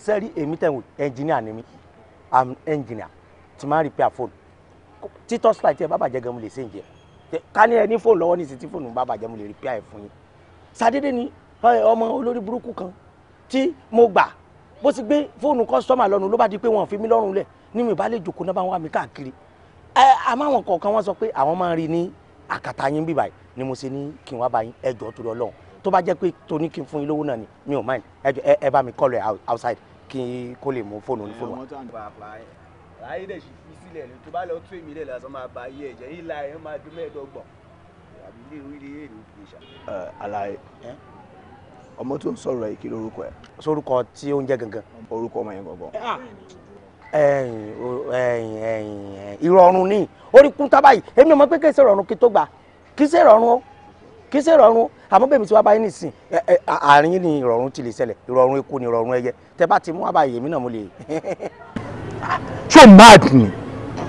sẹ́rí èmi tẹ̀wọ̀n ẹnjìníà ni mi am ẹnjìníà tí máa ń repair fóònù títọ́ slide ẹ bá bàjẹ́ gan mo lè ṣe ń jẹ ká ní ẹ ní fóònù lọ́wọ́ ní ìsìn tí fóònù bá bàjẹ́ mo lè repair ẹ fún yín sàdédé ni ọmọ olórí burúkú kan tí mo gbà bó ti gbé fóònù kọ́sítọ́mà lọ́rùn ló bá di pé wọ́n fi mí lọ́rùn lẹ̀ ní mi bá lè jòkó náà bá wà mí káàkiri ẹ àmàwọn kọ̀ọ̀kan wọ́n sọ pé àwọn máa ń rí ní àkàtà yín bíbà yìí ni mo ṣe ní kí n wá bá yín ẹjọ́ tó lọ lọ́hùn tó bá jẹ́ pé toní kí n fún yín lówó náà ni mi ò mind ẹjọ́ ẹ bá mi call ẹ outside kí n kó lè mú fóònù ní fóònù wa. láyé dẹ̀ sì bá lọ tún ọmọ tó ń sọ̀rọ̀ yìí kí lórúkọ ẹ̀. sórúkọ tí ó ń jẹ́ gangan. orúkọ ọmọ yẹn gangan. ẹyìn ẹyìn ẹyìn ìrọ̀rùn ni orí kún tábà yìí èmi ọmọ pé kí ṣe ìrọ̀rùn kí tó gbà kí ṣe ìrọ̀rùn o kí ṣe ìrọ̀rùn o àmọ́ bẹ́ẹ̀ mi ti wá báyìí nìsín àárín ni ìrọ̀rùn ti lè ṣẹlẹ̀ ìrọ̀rùn eku ni ìrọ̀rùn ẹyẹ tẹ bá ti mú àbáyé èmi náà mo lè. [laughs] ṣé o mad ni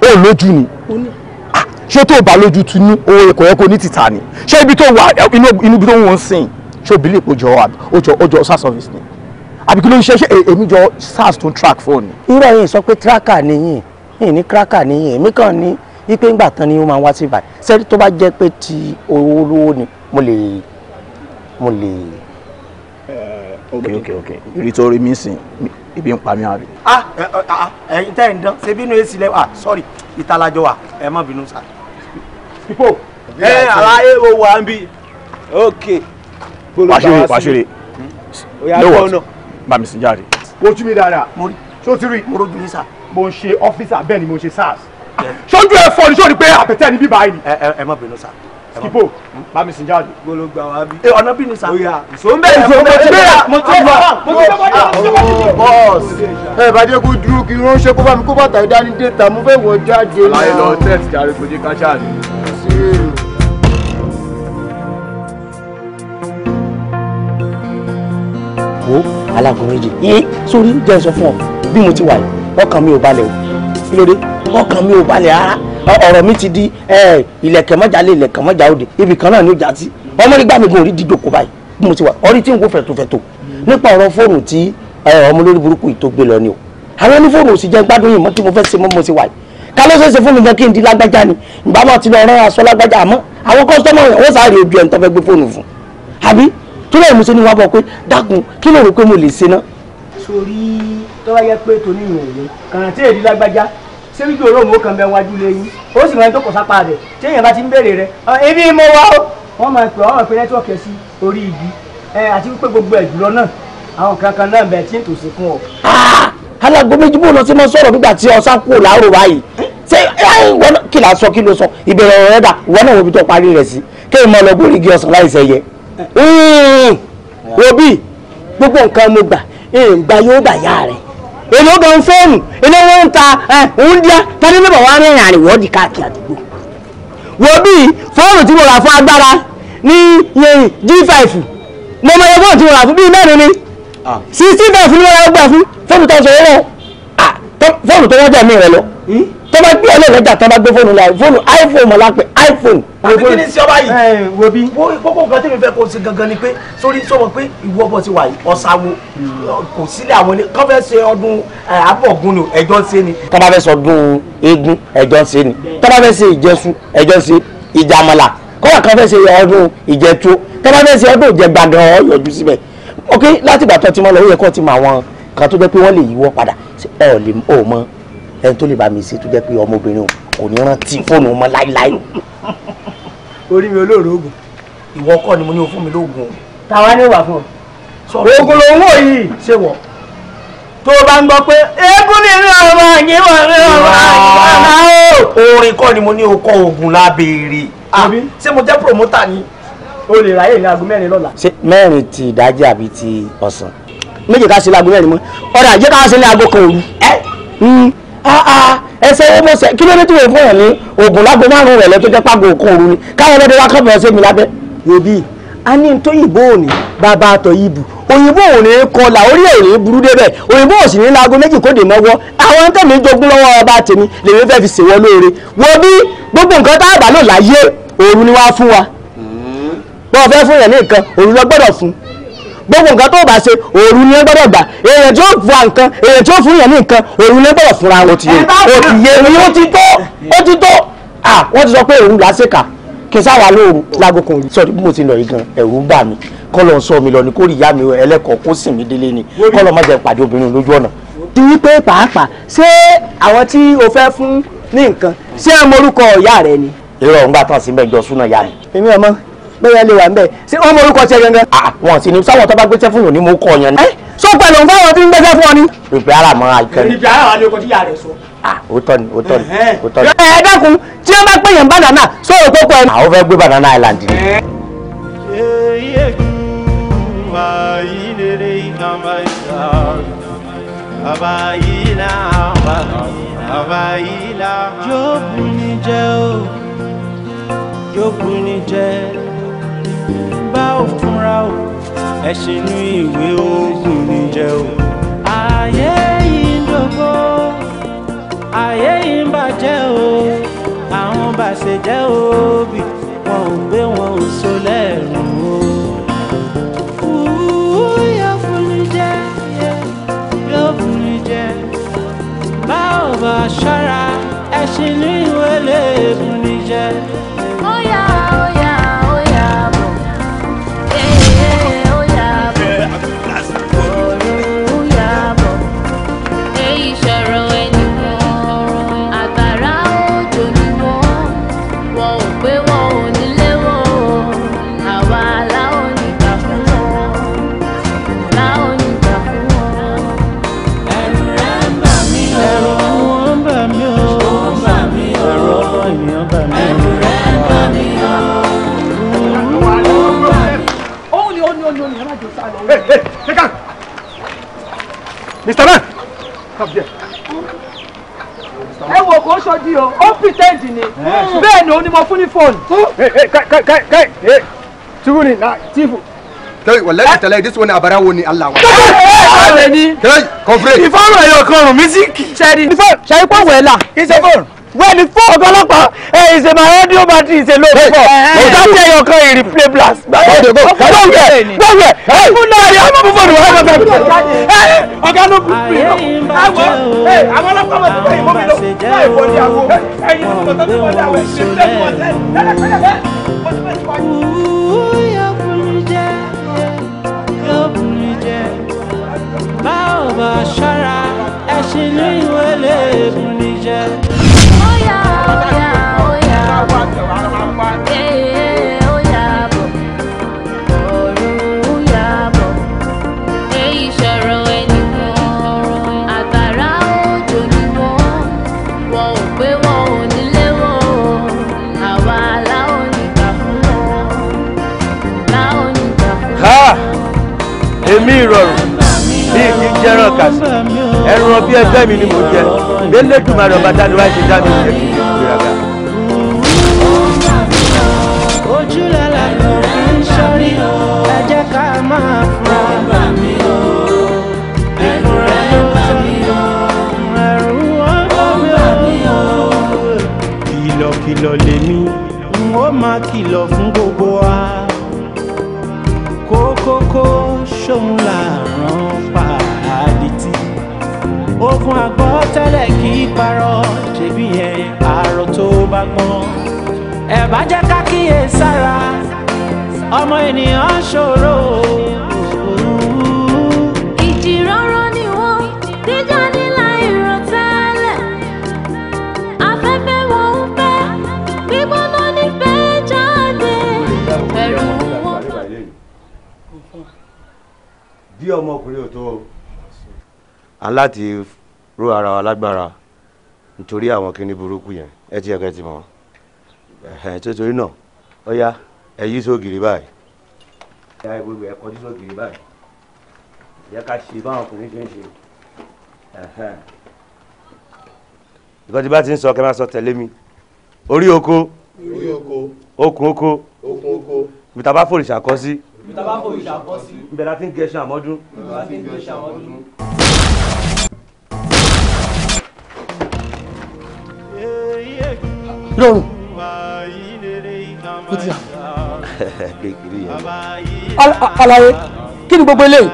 o lójú ni ah, ṣé tó o bá lójú tu ní o kò yẹ kó ní tìta ni ṣé ibi tó wà inú ibi tó ń wọ́n sìn ṣé òbí lè kojọ ọjọ ọjọ sars service ni àbí kí ló ń ṣe ṣe eh, èmi jọ sars tó ń track phone ni. irú ẹ̀yin sọ pé tracker nìyí yìí ní tracker nìyí èmi kàn ní wípé ńgbà tán ni ó máa wá sí ibà sẹ́ni tó bá jẹ́ pé ti owó lówó ni mo lè mo lè. Eh, ok ok ok nítorí mi sìn ibi ń pa mí àbí. ah, eh, ah, ah ẹ̀yin tẹ́ ẹ̀ ń dán ṣe bínú èsì lẹ́wọ̀ ah sorry ìtàlájọ wa ẹ má bínú sá. pipo ẹ àlàyé owó à ń bí ok wàṣírí wàṣírí lówó bàmí sí jáde. wojú mi dáadáa ṣó ti rí mo ń ṣe ọ́fíìsà bẹ́ẹ̀ ni mo ń ṣe SARS ṣojú ẹ fọ ní sóòdì pé àpẹtẹ ní bíbá yìí. ẹ ẹ má bínú sá. skipo bàmí sí jáde. gbolo gba wa bí. ẹ ọ̀nà bí ni sá. oya ìṣó ń bẹ̀rẹ̀ fún mi. mo ti bẹ̀rẹ̀ mo ti bẹ̀rẹ̀ mo ti bẹ̀rẹ̀. bọ́ọ̀sì ẹ bàjẹ́ kó dúró kí n ránṣẹ́ kó bá mi kó bàtà ìdánidẹ́ta mo fẹ́ wọ jáde. láyé lọ tẹ́ẹ̀tì jáde kò jẹ́ ká ṣáà ní. wo alágùn méjì yé sórí jẹ́ n sọ fún ọ bí mo ti wà yìí ọkàn mi ò balẹ̀ o kí ló dé ọkàn mi ò balẹ̀ rárá ọ̀rọ̀ mi ti di ilẹ̀kẹ̀ mọ́jà lé ilẹ̀kẹ̀ mọ́jà òde ibì kan náà ni ó já sí ọmọ nígbà mi gan orí díjòkó báyìí bí mo ti wà orí tí n kò fẹ̀tòfẹ̀tò nípa ọ̀rọ̀ fóònù tí ọmọ lórí burúkú yìí tó gbé lọ ni o àwọn onífóònù òsì jẹ́ gbádùn yìí mọ́ kí mo fẹ́ se mọ́ mo ti wà yìí ká ló ṣeéṣe fún mi gan kí n di lágbájá ni ìgbà máa ti lọ rán aṣọ lágbájá àmọ́ àwọn kọ́sítọ́mọ̀ yẹn wọ́n sáré ojú ẹni tó fẹ́ gbé fóònù fún àbí torí ẹ̀ mo ṣe ní wá bọ̀ pé dákun kí ló rò pé mo lè ṣe ná. sori tó bá yẹ pé tòní ìrìn òní kàrántì èdè lágbájá ṣé wíjú òróòmù ó kàn bẹ wájú lẹ́yìn ó sì máa ń tókò sápá rẹ̀ tí èèyàn bá ti ń béèrè rẹ̀ ebi mo wá o wọ́n máa pè wọ́n pè nẹ́tíwọ̀kì sí orí igi àti wípé gbogbo ẹ̀ jùlọ náà àwọn kankan náà bẹ̀ tí ń tòsí fún ọ. alágbó méjì bò lọ sí máa sọ̀rọ̀ nígbà tí ọ̀sán kú làárọ̀ báyìí ṣé kí la sọ kí ló sọ ìbẹ̀rẹ̀ ọ̀rẹ́dà ìwọ náà wo ibi tó parí rẹ̀ sí kéèmọ̀ lọ gbórígi ọ̀sán láìsẹ̀ yẹ Mm. wòbí gbogbo nǹkan mo gbà ìgbà eh, yóò bà yá rẹ̀ èlò gan fóònù ilé wọn ń ta eh, òun díá tani bàbá wa rìnrìn àrìwọ́ di káàkiri àdúgbò wòbí fóònù tí mo rà fún agbára ní yẹn G5 mo mọ ẹgbẹ́ tí mo rà fún bíi mẹ́rin ni ah. sixteen five ni mo rà gbà fún fóònù tó ń sọ yẹn lọ ah, fóònù tó wọ́n jà mí rẹ lọ hmm? tó bá gbé ọlọ́ọ̀lọ́jà tó bá gbé fóònù láì fóònù iPhone mọ̀ lápẹ̀ iPhone àbí kí ni sí ọba yìí eh, wo bí gbogbo nǹkan tí mi fẹ́ kó sí gangan ni pé sórí sọ̀rọ̀ pé ìwọ bọ̀ ti wà yìí ọ̀sàwò kò sílẹ̀ àwọn ní kọ́ fẹ́ ṣe ọdún eh, àbọ̀gún ni ẹjọ́ ń ṣe ni. tọ́ba fẹ́ sọ ọdún eégún ẹjọ́ ń ṣe ni tọ́ba fẹ́ ṣe ìjẹsùn ẹjọ́ ń ṣe ìjàmọ̀là kọ́wà kan fẹ́ ṣe ọdún ìjẹtó tọ́ba fẹ́ ṣe ọdún ìjẹgbàdàn ọ̀yọ̀jú síbẹ̀ ok láti ìgbà tó ti mọ lọ ó yẹ kó ti mọ àwọn kan tó jẹ́ pé wọ́n lè yíwọ́ padà ọ̀ mọ ẹni tó lè bá mi ṣe tó jẹ́ pé ọmọbìnrin kò ní rántí fóònù ọmọ láíláí [laughs] orí mi olóòrò oògùn. ìwọ kọ́ ni mo ní o fún mi lóògùn o. tàwa ni wà fún ọ. oògùn lòun wò yìí. ṣé wọ. tó o bá ń gbọ́ pé eégún ni ìrìn ọmọ yìí wọ̀ ní ọmọ yìí wọ̀ orin kọ́ ni mo ní o kọ́ oògùn lábẹ́ẹ̀rẹ̀. Ah, ṣé mo jẹ́ promoter ni. o lè ráyè ní aago mẹ́rin lọ́la. ṣé mẹ́rin ti ìdájí àbí ti ọ̀sán méjì ká sí ní aago mẹ́rin mọ́ ọ̀rẹ́ àjẹká sí ní aago kan òru. ẹ ẹsẹ̀ owó mọ̀ọ́sẹ̀ kí ló dé tí wọ́n fọyàn ní oògùn lágbo márùn-ún rẹ̀ lọ́tọ́ jẹ́ pàgò òru ni káwọn ọmọdé wa kọ́ bẹ̀rẹ̀ sí mi lábẹ́. yòbí a ní tó yìnbó òní bàbá àtọ̀ yìí bù òyìnbó òní kọlà orí èrè burú débẹ̀ òyìnbó òsì ní laago méjì kóde mọ́wọ́ àwọn tẹ̀mí jogún lọ́wọ́ ọba tèmi lèmi fẹ́ fi ṣèwọ́ lóore wo bí gbogbo nǹkan tá a bá lò láyé òru ni wàá fún wa hmm. bọ́ọ̀ fẹ́ fún yẹn ní nǹkan òru lọ gbọ́dọ̀ fún gbogbo nǹkan tó bá ṣe òru ni ẹ gbọ́dọ̀ gbà èèyàn tí ó fún wa nǹkan èèyàn tí ó fún yẹn ní nǹkan òru ni ẹ gbọ́dọ̀ fúnra wọn. òtìyé ni ó ti tó ó ti tó wọ́n ti sọ pé òru là á ṣèkà kí n sáwà lóru lágòkun yìí sọ bí mo ti lọ yìí gan ẹ̀rù ń bà mí kọ́ lọ sọ mi lọ ni kó rí ìyá mi ẹlẹ́kọ̀ọ́ kó sì mí délé ni kọ́ lọ má jẹ́ pàdé obìnrin lójú ọ̀nà. ti wípé pàápàá ṣé àwọn tí o fẹ́ fún ní nǹkan ṣé ẹ mọ orúkọ ìyá rẹ ni. irọ́ òun gbà tán sí mẹ́jọ súná ìyá mi. èmi ọmọ bẹ́ẹ̀ lè wà ń bẹ̀ ṣé wọ́n mọ orúkọ tiẹ̀ gangan. àwọn ah, sì ni sáwọn tó bá gbéṣẹ́ fún yàn ni mo kọ yàn. ẹ sọ pẹ̀lú fáwọn tí ń gbéṣẹ́ fún ọ ni. rìpẹ́ ara mọ àìkẹ́. rìpẹ́ ara wà ní ọkọ̀ tí yà rẹ̀ sọ. Ah, ó tọ́ ni ó tọ́ ni ó tọ́ ni. ẹ dákun tí wọ́n bá pè yàn banana sọ̀rọ̀ tó kọ ẹ. àwọn fẹ́ gbé banana island ni. abayila abayila jókòó ni jẹ́ o jókòó ni jẹ́ o bá ò fúnra o ẹṣin ní ìwé oògùn níjẹ o. ayé yìí ń dògbò ayé yìí ń bàjẹ́ o àwọn bàṣẹjẹ́ òbí wọn ò gbé wọn ò so lẹ́rù o. bá ò bá ṣọ́ra ẹṣin ní ìwé lè fún mi jẹ. Mr. Man, come here. ẹ wo kò sọdí o ó pretend ni bẹ́ẹ̀ ni onímọ̀ fún ní fóònù. tubu ni na tífù. kai wallahi talai this one abara wo ni Allah wa kai ni kai confrey ifon ra yo kan mi siki seri ifon sai pa wela is a phone where ni ọ̀gá ọlọ́pàá ẹ ìṣe my audio battery ìṣe ló pọ̀ ọ̀gá tí ẹyọ kan èrè play blast. gbàgbé gbàgbé gbàgbé ẹ fúnná ẹ ọmọ fún fóònù wọn bẹ bẹ ọ̀gá ló bú mi lọ bá ṣọ́ra ẹṣin ní ìwé lè mú. èmi ìrọ̀rùn bí ìdí jẹ́ràn kàṣí ẹran ọbí ẹgbẹ́ mi ni mo jẹ lẹ́lẹ́dùnmarè ọba tá a wáyé ṣe dá mi jẹ kí n lè gbéraga. ojúlọ́la lèmi n ó máa kìlọ̀ fún. parọ́ ṣebí yẹn àárọ̀ tó bá gbọ́n ẹ bá jẹ́ ká kíyè sára ọmọ ènìyàn ṣòro. ìjì rọ́rọ́ ni wọ́n díjà ní láìrọ̀ tẹ́lẹ̀ afẹ́fẹ́ wọn bí ọmọkùnrin ò tó aláti ró ara wa lágbára nítorí àwọn kinní burúkú yẹn ẹ ti ẹ̀kẹ́ ti mọ̀ ẹ̀ tó torí náà ó yá ẹ yí sóògiri báyìí. ìyá ẹ gbogbo ẹ kọjú sóògiri báyìí ìyá ká ṣe báwọn ọkùnrin ṣe ń ṣe. ìkan tí bá ti ń sọ kẹ́ sọ tẹ̀lé mi orí oko oko okùn oko okùn oko bìtà bá fòrìṣà kọ́ sí bìtà bá fòrìṣà kọ́ sí. ìbẹ̀rẹ̀ àti ń gẹṣin àmọ́dún. ìbẹ̀rẹ̀ àti ń gẹṣin àmọ́dún. lọ́rùn ó ti yà. alaye kí ni gbogbo eléyìí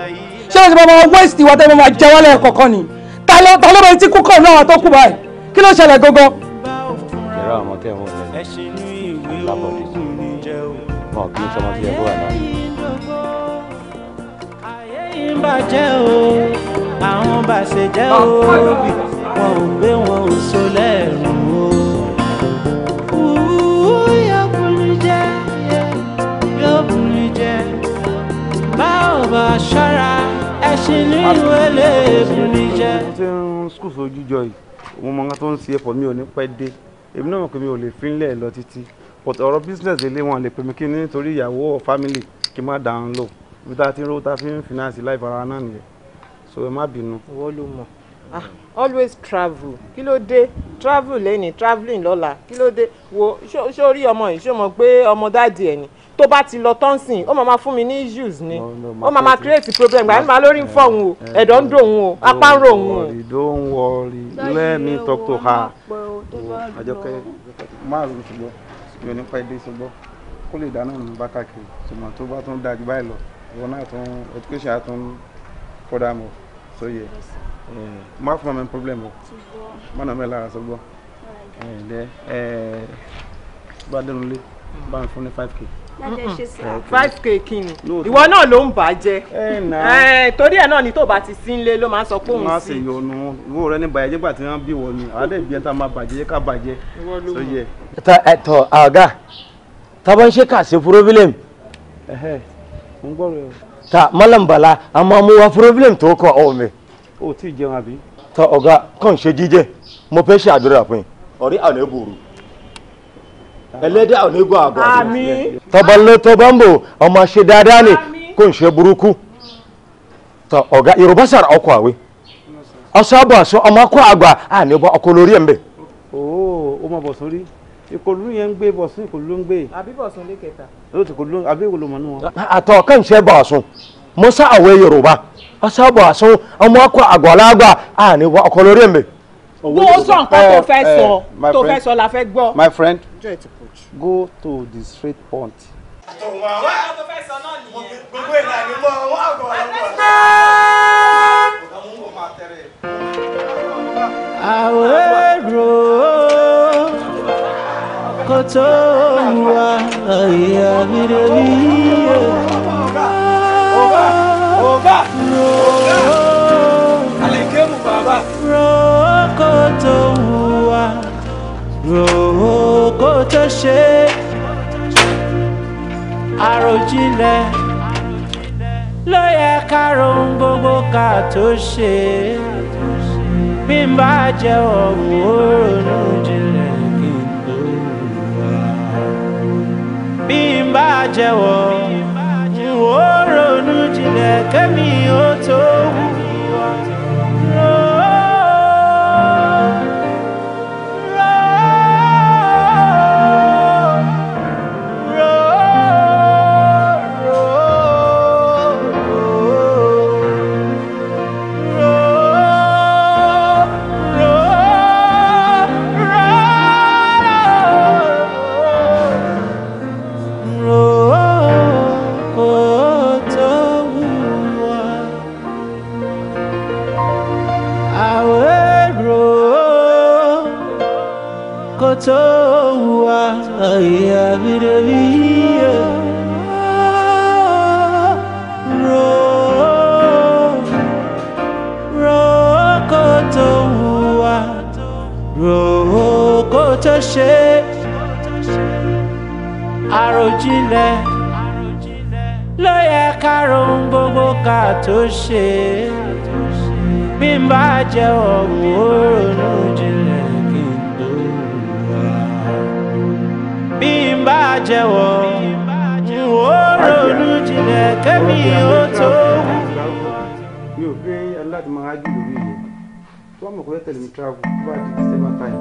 ṣé wọ́n ti máa wẹ́ẹ̀sì tiwa tẹ́ máa jẹ wálé ẹ̀kọ́ kan ni ta ló ta ló bẹ ti kú kọ̀ náà tó kú báyìí kí ló ṣẹlẹ̀ gangan. ìrọ àwọn tẹ wọn lẹ́nu lábọdé wọn kì í sọmọ sí ẹgbẹ́ wà náà. bàjẹ́ o àwọn bàṣẹ jẹ́ o wọn ò gbé wọn ò so lẹ́rù. ṣọ́ra ẹṣin nínú eléèbù níjẹ́. mo ti ń skul sojú jọ yìí mo mọ nǹkan tó ń ṣe ẹ̀fọ́ mi ò ní pẹ́ dé èmi náà mọ̀ pé mi ò lè fínlẹ̀ lọ títí but ọ̀rọ̀ business lè lé wọn lè pè mí kí ni nítorí ìyàwó or family kí n má dà ń lò ibi tá a ti ń rówó tá a fi ń finance life ara náà nìyẹn so ẹ má bínú. ìwọ ló mọ̀ ah always travel kí ló dé travel lẹ́ni travelling lọ́la kí ló dé wo ṣó rí ọmọ yìí ṣó mọ̀ pé ọmọ dáàdì ẹ̀ ni tó bá ti lọ tọ́nsìn ó máa ma fún mi ní issues ni ó máa ma create problem gbà nígbà lórí ń fọ òun o ẹ̀dọ̀ ń dò òun o apá ń rò òun o. don't worry let me talk to her. àjọkẹ́ márùn-ún ṣùgbọ́n mi ò ní pa èdè ṣùgbọ́n kó lè dáná mi bá káàkiri ṣùgbọ́n tó bá tún dájú báyìí lọ ìwọ náà tún education á tún further mọ̀ sóye eh, má fún mi problem o má nà mí lára ṣùgbọ́n ẹ̀ ẹ̀ eh, eh, bá dénú lé bá mi fún ní five k five k kini ìwọ náà ló ń bà á jẹ eh, torí ẹ náà ni tó bá ti sí nílé ló máa ń sọ pé òun sí. má ṣe yọnu owó rẹ ní bàjẹ́ nígbà tí wọ́n bí wọ ni àádẹ́ ìbí ẹ̀ tá máa bàjẹ́ ká bàjẹ́ tó yẹ. ẹ̀tọ́ àga tábọ̀ ń ṣe kà sí problem. ta malam a máa mú wa problem tó kọ ọ mi. o ti jẹun àbí. ta ọ̀gá kàn ṣe jíjẹ mo fẹ́ ṣe àdúrà fún yín ọ̀rí àná ẹ̀ bòrò. ẹlẹ́dẹ̀ àwọn onígun àbọ̀ tọba ló ọmọ ṣe dáadáa ni kò ń ṣe burúkú tọ ọ̀gá yorùbá sàrà ọkọ̀ àwẹ̀ ọ̀sán sọ ọmọ ọkọ̀ àgbà àní ọkọ̀ lórí ẹ̀ ń bẹ̀. ó mọ bọ̀ sórí ìkòlù yẹn ń gbé bọ̀sùn ìkòlù ń gbé. àbí bọ̀sùn lé kẹta. lóòótọ́ ìkòlù àbí ìwòlò wọn. àtọ̀ kàn àwẹ̀ yorùbá ọmọ ọkọ̀ o eh, eh, la gbọ́. go to the straight point. Àtọ̀wọ̀n àwọn ọmọ fẹ́ sọ tó ṣe àròjinlẹ̀ ló yẹ ká rohun gbogbo ká tó ṣe bí n bá jẹ́wọ́ wò ó ronú jinlẹ̀ bí n bá jẹ́wọ́ wò ó ronú jinlẹ̀ kẹ́mi ó. towa ya bidabiya ro ro ko towa ro ko to se àròjinlẹ̀ ló yẹ ká ron gbogbo ká jẹ́wọ́ n ò ronú jinlẹ̀ kẹ́mi ó tó wù. mi ò fẹ́ aláàdì máa hájú lórí yìí tí wọ́n mọ̀ pé tẹ̀lé mi travel tó bá di december time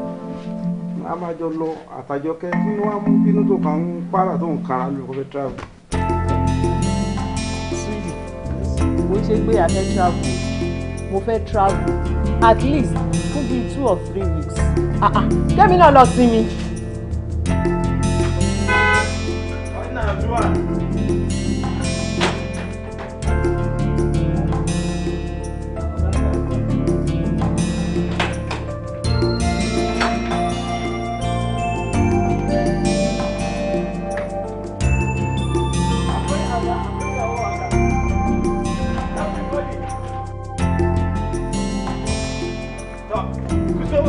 a máa jọ lọ àtàjọkẹ́ tí wọ́n á mú bínú tó kàn ń pààrà tó ń kara lórí kọ́fẹ́ travel. sweet bó ṣe pé a fẹ́ travel mo fẹ́ travel at least fún bíi two or three weeks ah, ah, kẹ́mi náà lọ sinmi.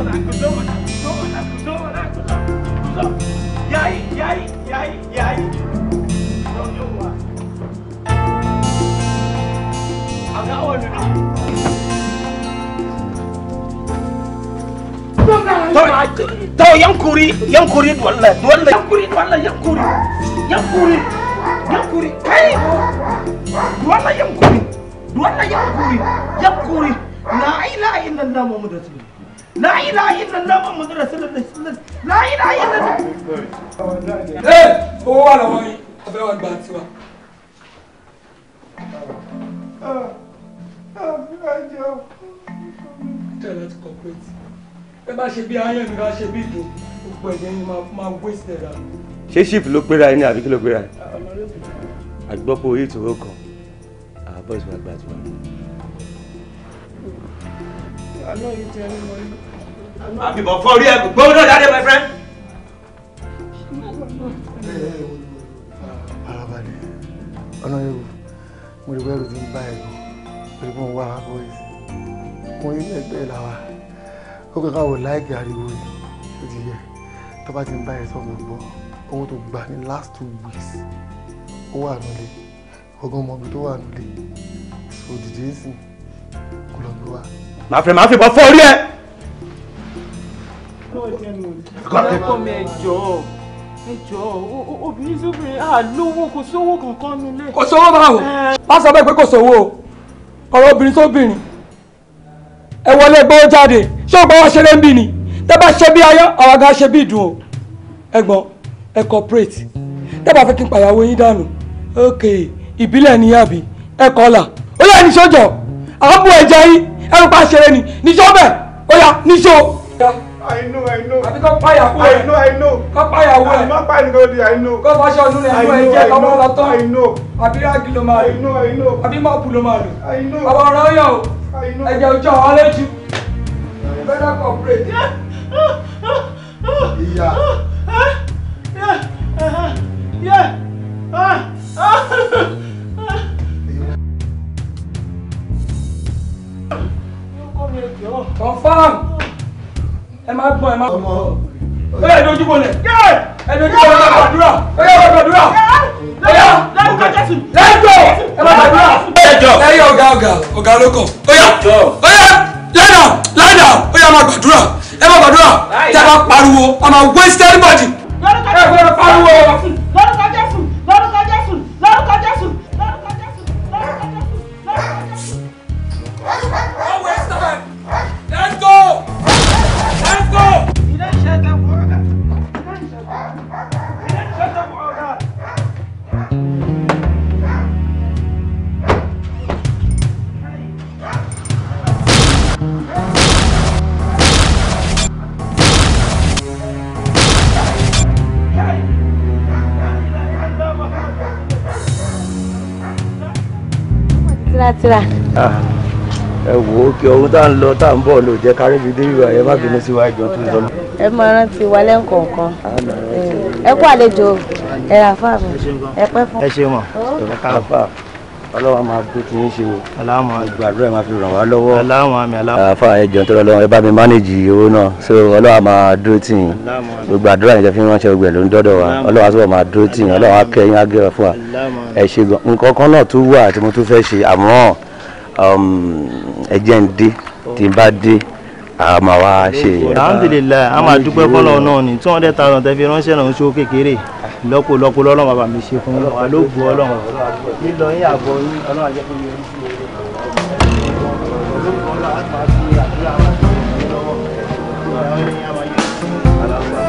abin yayi yayi yayi yayi a ga wani to yankuri yankuri wallahi yankuri wallahi yankuri yankuri yankuri kai yankuri wallahi yankuri yankuri la ilaha illallah muhammadu rasul la ilaha illallah muhammadu rasulullah la ilaha illallah. ẹ owó wà lọ́wọ́ yín ọbẹ̀ wà gbà tiwa. tẹ̀lé ti kọ̀pẹ́tì ẹ bá ṣe bí ayé mi bá ṣe bí ìdò gbogbo ẹ̀jẹ̀ yín máa wéṣẹ̀ rẹ̀ dànù. ṣé ṣíìpù ló pera ẹ ní àbí kí ló pera ah, ẹ. àgbọ̀pọ̀ oyè ìṣòro kan àbọ̀ ìṣòro àgbà tiwa. I know you tell me money. Àbí bọ̀ fọ́ orí ẹ̀kú gbówó náà dáadé my friend. Arábalẹ̀, ọ̀nà ewu, mo rí wẹ́rù tí ń bá ẹ̀rù, pẹ̀lú mo wá àbọ̀ yìí. Mo rí ẹgbẹ́ làwà, ó kẹ́kọ̀ọ́ àwọn láìkì ariwo yìí, ó ti yẹ. Tó bá ti ń bá ẹ̀ sọ gbogbo, owó tó gbà ní last two weeks, ó wà nílé, ọgbọ́n mọ́bi tó wà nílé, sòdìdí sí, kò lọ gbé wá màá fẹ́ màá fìbọn fọ́ orí ẹ. ọkọ mi ẹ jọ̀ọ́ ẹ jọ̀ọ́ obìnrin sóbìnrin à lówó kò sówó kankan nílé. kò sówó báwo má sọ bẹ́ẹ̀ pé kò sówó ọ̀rọ̀ obìnrin sóbìnrin ẹ wọlé gbọ́ jáde ṣé o gbọ́ wá ṣeré ń bì ni tẹ́ bá ṣe bí ayọ̀ àwọn gan ṣe bí ìdùn o ẹ̀gbọ́n ẹ cooperate tẹ́ bá fẹ́ kí n pàyàwó yín dànù ok ìbílẹ̀ níyàbí ẹ kọ́là ó yẹ ní sọ́jọ́ àbú ẹ̀jẹ̀ yín ẹrù pa ṣeré ni níṣó bẹ́ẹ̀ ó yá níṣó. I know, I know. Àbí kọ́ páyàwó ẹ̀. I know, I know. Kọ́ páyàwó ẹ̀. Àmọ́ páyà nìkan di I know. Kọ́ fàṣẹ ọdún rẹ̀ ẹ̀rọ ẹ̀jẹ̀ kọ́mọ́ lọ tán. I know. Àbí ráàgì ló máa lò. I know, I know. Àbí mọ́ọ̀pù ló máa lò. I know. Bàbá ọ̀rọ̀ yàn o. I know. Ẹ̀jẹ̀ ojú ọ̀hán lójú. Better cooperate. Ìyá. [laughs] máa gbọ́n ẹ máa. ọmọ ẹ dojú bolẹ̀ ẹ dojú bolẹ̀ ẹ máa gbàdúrà ẹ máa gbàdúrà ẹ yá lẹ́jọ́ ẹ máa gbàdúrà ẹ yá ọ̀gá ọ̀gá ọ̀gá ló kàn ó yá ó yá lẹ́nà lẹ́nà ó yá máa gbàdúrà ẹ máa gbàdúrà tẹ́ bá pariwo ọmọ wẹ́sítẹ́rì bọ̀dì ẹ gbọ́dọ̀ pariwo. tíra. Ah, ẹ wò kí ohun tá ń lọ tá ń bọ̀ ló jẹ́ kárí mi dé ìwà ẹ má bínú sí wa tó ń lọ. ẹ máa rántí wa lẹ́ǹkọ̀ọ̀kan ẹ kú àlejò ẹ ẹ pẹ́ fún. ọlọ́wọ́ máa tó ti ń ṣe o gbàdúrà máa fi ràn wá lọ́wọ́ àfa ẹjọ tó lọ́wọ́ ẹ bá mi mánéjì owó náà so ọlọ́wọ́ máa dúró tì yín gbogbo àdúrà yẹn fi ránṣẹ́ gbogbo ló ń dọ́dọ̀ wa ọlọ́wọ́ àti wọ́n máa dúró tì yín ọlọ́wọ́ akẹ́yìn agẹ́wà fún wa ẹ ṣe gan nǹkan kan náà tún wà tí mo tún fẹ́ ṣe àmọ́ um, ẹjẹ́ ń dé tí n bá dé lọ́pọ̀lọpọ̀ lọ́lọ́run bàbá mi ṣe fún wa ló bu ọlọ́run lílọ yín àbọ̀ yín ọlọ́run àjẹ́ fún mi orí sí i.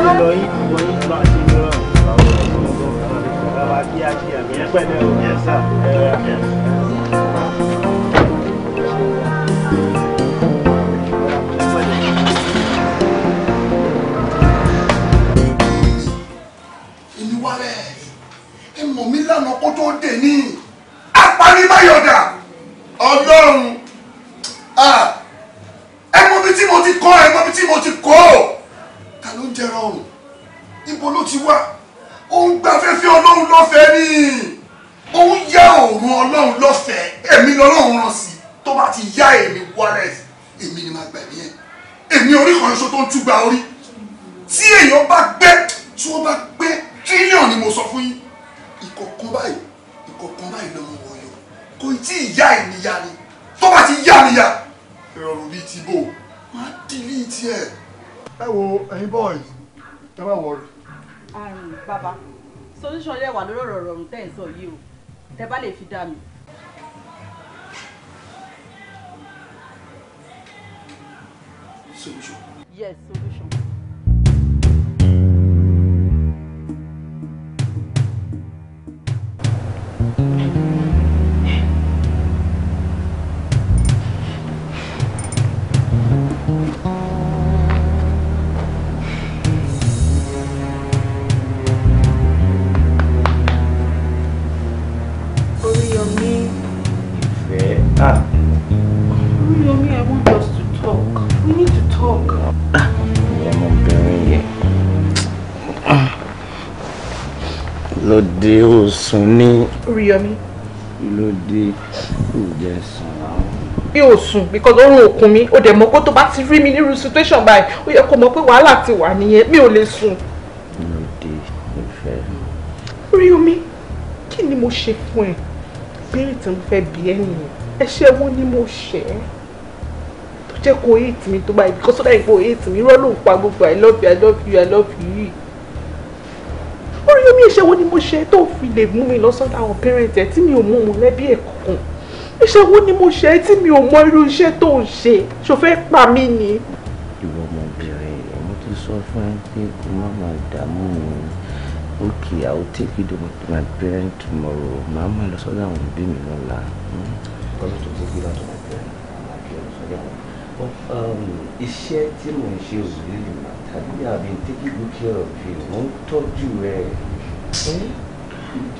lílọ yín àbọ̀ yín máa ṣe lọ́rọ̀ bàbá kí á ṣe àmì ẹgbẹ́ náà ẹ̀ sà ẹ̀ ẹ̀. lánàá kó tó dè ní apanimayọ̀dà ọlọ́run ẹ mọ bí tí mo ti kọ́ ẹ mọ bí tí mo ti kọ́ ta ló ń jẹrọ ọrùn ibo ló ti wá òun gba afẹ́fẹ́ ọlọ́run lọ́fẹ̀ẹ́ ni òun yá òun ọlọ́run lọ́fẹ̀ẹ́ èmi lọ́lọ́run ràn sí tó bá ti yá èmi wálẹ̀ èmi ni màá gbà nìyẹn èmi orí kan ṣoṣo tó ń túgbà orí. ẹ̀yin boys ẹ má wọrí. àrùn bàbá solution yẹ wà lórí ọ̀rọ̀ rọrùn tẹ́ ẹ̀ sọ yìí o tẹ́ bá lè fi dá mi. solution. yes solution. sùn ní. orí yọmí. ìlòdì ìjẹ sùn mi ò sùn because oorun ò kùn mi ó dẹ̀ mọ́ pé tó bá ti rí mi nírú situation báyìí ó yẹ kó mọ̀ pé wàhálà ti wà nìyẹn mi ò lè sùn. ìlòdì ìfẹ́. orí yọmí kí ni mo ṣe fún ẹ ìbéèrè tí mo fẹ́ bí ẹ nìyẹn ẹ̀ṣẹ̀ wo ni mo ṣẹ̀ tó jẹ́ kó hate mi tó báyìí because ó dà yìí kó hate mi irọ́ ló pa gbogbo i love you i love you i love you iṣẹ́ wo ni mo ṣe tó fi lè mú mi lọ sọ́dọ̀ àwọn pẹ́rẹ́ǹtì ẹ̀ tí mi ò mú wọn lẹ́bí ẹ̀ kankan iṣẹ́ wo ni mo ṣe tí mi ò mọ irú iṣẹ́ tó ń ṣe ṣó fẹ́ pa mí ni. ìwọ ọmọbìnrin ọmọ tó sọ fún ẹ pé kó má má dààmú mi okay i will take you to my parents tomorrow màá má lọ sọ́dọ̀ àwọn òbí mi lọ́la. Hmm? ọlọ́run tó gbé lọ́dọ̀ my parents um, iṣẹ́ tí mò ń ṣe ò lè lè mà tàbí àbí take good care of you mo ń tọ́jú ẹ.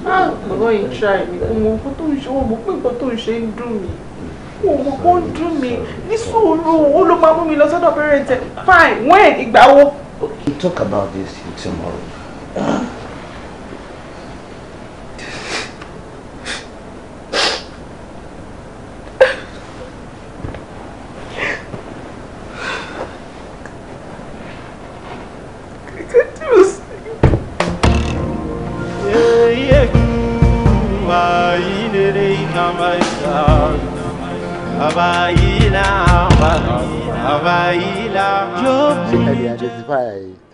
Ah, bàbá yìí try mi kò mọ nǹkan tó ń ṣe wọn mọ pé nǹkan tó ń ṣe ń dùn mí wọn mọ kó ń dùn mí ní sùúrù ó ló máa mú mi lọ sọ́dọ̀ parent fine when ìgbà wo. we can talk about this tomorrow.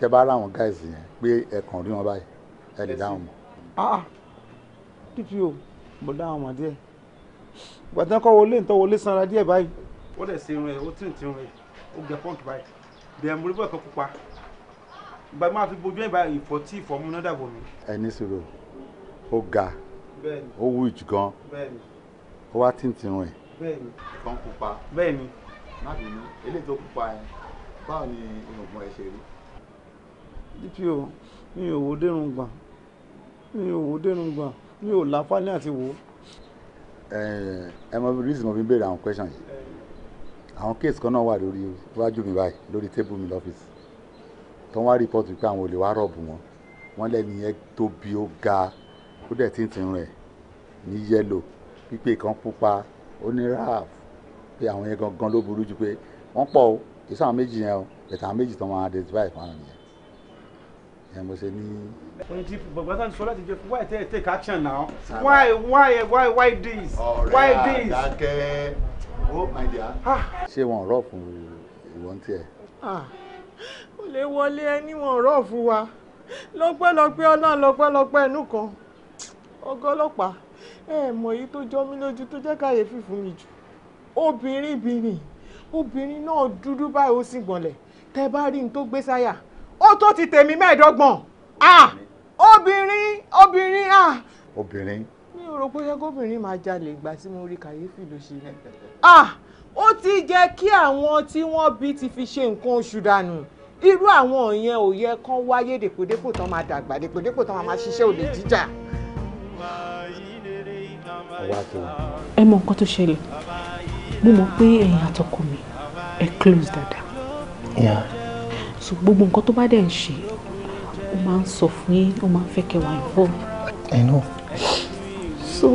tẹ bá ra àwọn gáàsì yẹn pé ẹ rí wọn báyìí ẹ lè dáhùn mọ́. ah dípì o mo dáhùn mọ́ díẹ̀ gbàtàn kọ́ wọlé ń tọ́ wọlé sanra díẹ̀ báyìí. ó lè ṣe irun ẹ̀ ó tì ń ti irun ẹ̀ ó gẹ pọ́ǹkì báyìí bẹ̀rẹ̀ mo rí bọ́ọ̀ kan pupa ìgbà máa fi bojú ẹ̀ bá ìfọ̀ tí ìfọ̀ mú náà dàbò mi. ẹ ní sùúrù ó ga ó wú ìjù gan ó wá tì ń ti irun ẹ̀. bẹ́ẹ̀ni ìfọ̀ ń pupa bẹ́ẹ̀ni má bínú eléyìí tó pupa ẹ báwo ni irùngbọ̀n ẹ ṣe rí dpo mi ò wò dérun gbà mi ò wò dérun gbà mi ò láǹfààní àti wò. ẹ mọ bí reason mo fi béèrè àwọn question yìí àwọn case kan náà wà lórí iwájú mi báyìí lórí tébù mi lọ́fíìsì tó ń wá report pé àwọn olè wá rọ̀bù wọn wọn lẹ́nu yẹn tóbi ó ga ó dẹ̀ tìǹtìǹ rẹ̀ ní yẹ́lò pípé kan pupa ó ní ráàf pé àwọn yẹn gangan ló burú ju pé wọ́n pọ̀ o kì í sáwọn méjì yẹn o bẹ̀tà méjì tó máa identify fún àwọn yẹn ẹ mo ṣe ní. oyin ti bàbá sani sọ láti why take action now why why why why this why this. ọ̀rẹ́ àdákẹ́ ó oh, my dear. Ah. ṣé wọn rọ fún ìwọ ń tiẹ. Ah. ó lè wọlé ẹni wọn rọ fún wa lọ́pẹ́lọpẹ́ Ọlọ́run lọ́pẹ́lọpẹ́ ẹnu kan ọgọ ọlọ́pàá ẹ mọ èyí tó jọ mí lójú tó jẹ́ kàyéfì fún mi jù obìnrin bìnrin obìnrin náà dúdú báyìí ó sì gbọ̀nlẹ̀ tẹ bá rí n tó gbé sáyà ó tó ti tèmi mẹ́ẹ̀ẹ́dọ́gbọ̀n obìnrin obìnrin obìnrin. mi ò rò pé yẹ kóbìnrin máa jalè ìgbà tí mo rí kàyéfì ló ṣe yẹn. ó ti jẹ́ kí àwọn tí wọ́n bí ti fi ṣe nǹkan oṣù dànù irú àwọn yẹn ò yẹ kán wáyé dèpòdépò tán máa dàgbà dèpòdépò tán máa ṣiṣẹ́ olè jíjà. ẹ mọ nǹkan tó ṣẹlẹ̀ mo mọ̀ pé ẹ̀yin àtọkọ mi ẹ close dáadáa. Yeah so gbogbo nǹkan tó bá dẹ̀ ń ṣe ó máa ń sọ fún yín ó máa ń fẹ́ kẹwàá involve. I know. so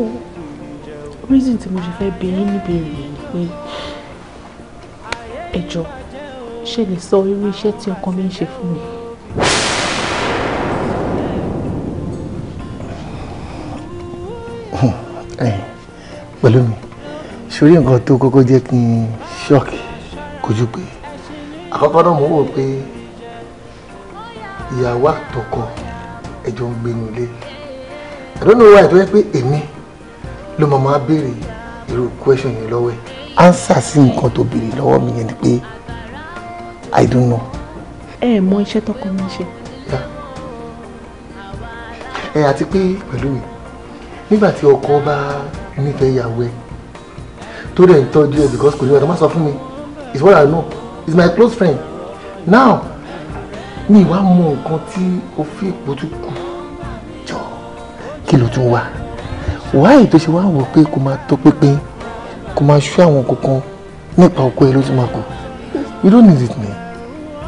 reason tí mo ṣe fẹ́ bi yín níbi ìròyìn ni pé ẹ jọ̀ọ́ ṣe lè sọ irú iṣẹ́ tí ọkọ mi ń ṣe fún mi. [laughs] Eh, pẹ̀lú mi sórí nǹkan tó kọ́kọ́ jẹ́ kí n ṣọ́ọ̀kì kojú pé àkọ́kọ́ náà mo wò pé ìyàwó àtọkọ ẹjọ ń gbénu ilé I don't know why tó yẹ pé èmi ló mọ̀ máa béèrè irú question yẹn lọ́wọ́ ẹ̀ ánsà sí nǹkan tó béèrè lọ́wọ́ mi yẹn ni pé I don't know. ẹ ẹ mọ iṣẹ́ tọkọ mi ṣe. ẹ àti pé pẹ̀lú mi nígbà tí ọkọ bá nífẹ̀ẹ́ ìyàwó ẹ̀ tó dẹ̀ ń tọ́jú ẹ̀ because kò ní ọ̀dọ́ má sọ fún mi it's what I know it's my close friend now mi wá mọ nǹkan tí o fi ìpójú kù jọ kí ló tún wá wáyé tó ṣe wá wò pé kó máa tó pínpín kó máa ṣú àwọn kankan nípa ọkọ ẹ ló tún máa kù you don't need it me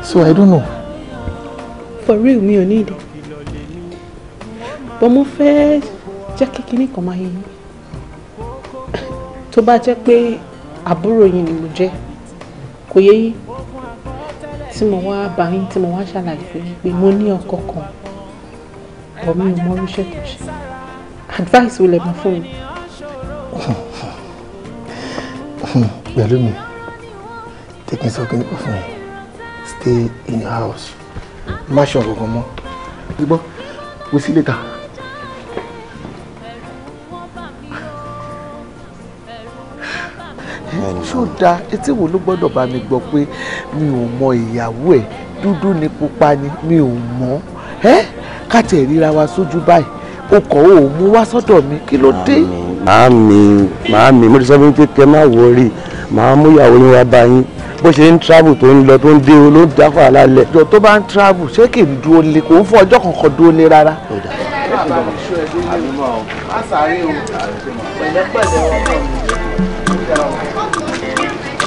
so i don't know. for real me ò need. ìdè bọ́ mo fẹ́ jẹ́ kékeré kan máa yẹ yín tó bá jẹ́ pé àbúrò ni mo jẹ́ kò yẹ yín tí mo wá bá yín tí mo wá ṣàlàyé fún yín pé mo ní ọkọ kan ọ̀ mi ò mọ oríṣẹ́ tó ṣe advice wo lè mọ fún mi. [laughs] pẹ̀lú mi tèmi sọ pé nípa fún stay in your house má ṣe ọ̀gọ̀gọ̀ mọ́ gbígbọ́ we see later. ṣó dáa etí wo ló gbọ́dọ̀ bá mi gbọ́ pé mi ò mọ ìyàwó ẹ̀ dúdú ni pupa ni mi ò mọ̀ ẹ́ káàtì ẹ̀ ríra wa sójú báyìí o kọ̀ o mú wá sọ́dọ̀ mi kí ló dé. màámi màámi mo ti sọ fún pé kẹ má wọrí màá mú ìyàwó yín wá bá yín bó ṣe ń travel tó ń lọ tó ń dé o ló ń dá fà lálẹ́. ìjọ tó bá ń travel ṣé kì í dúró lé kò ń fún ọjọ́ kankan dúró lé rárá. pẹ̀lẹ́pẹ̀lẹ́ ọkọ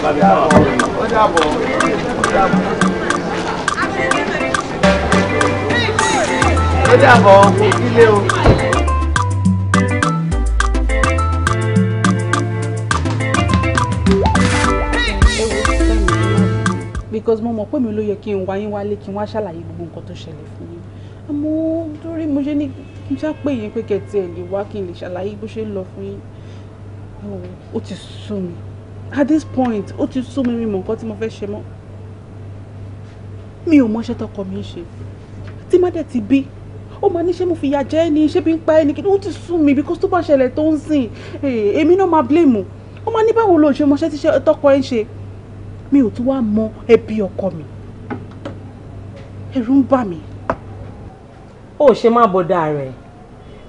ó dàbọ̀ kò kílé o. because mo mọ̀ pé mi ló yẹ kí n wá yín wálé kí n wá ṣàlàyé gbogbo nǹkan tó ṣẹlẹ̀ fún yín àmọ́ torí mo ṣe ní kí n ṣá pé yín pé kẹ̀tì ẹ̀ lè wá kí n lè ṣàlàyé bó ṣe ń lọ fún yín ó ti sú mi at this point ó ti sú mi mi mọ̀ nǹkan tí mo fẹ́ ṣe mọ́ mi ò mọṣẹ́ tọkọ mi ń ṣe tí má ti bí ó máa níṣẹ́ mo fi ya jẹ́ ẹni ṣé bí ń pa ẹni kí ó ti sú mi because to bá ṣẹlẹ̀ tó ń sìn eh, èmi náà máa blame ó máa ni báwo lo ṣe mọṣẹ́ tí tọkọ ẹ ń ṣe mi ò tún wá mọ ẹbí ọkọ mi ẹ̀rù ń bà mí. ó ṣe má bọ̀dá rẹ̀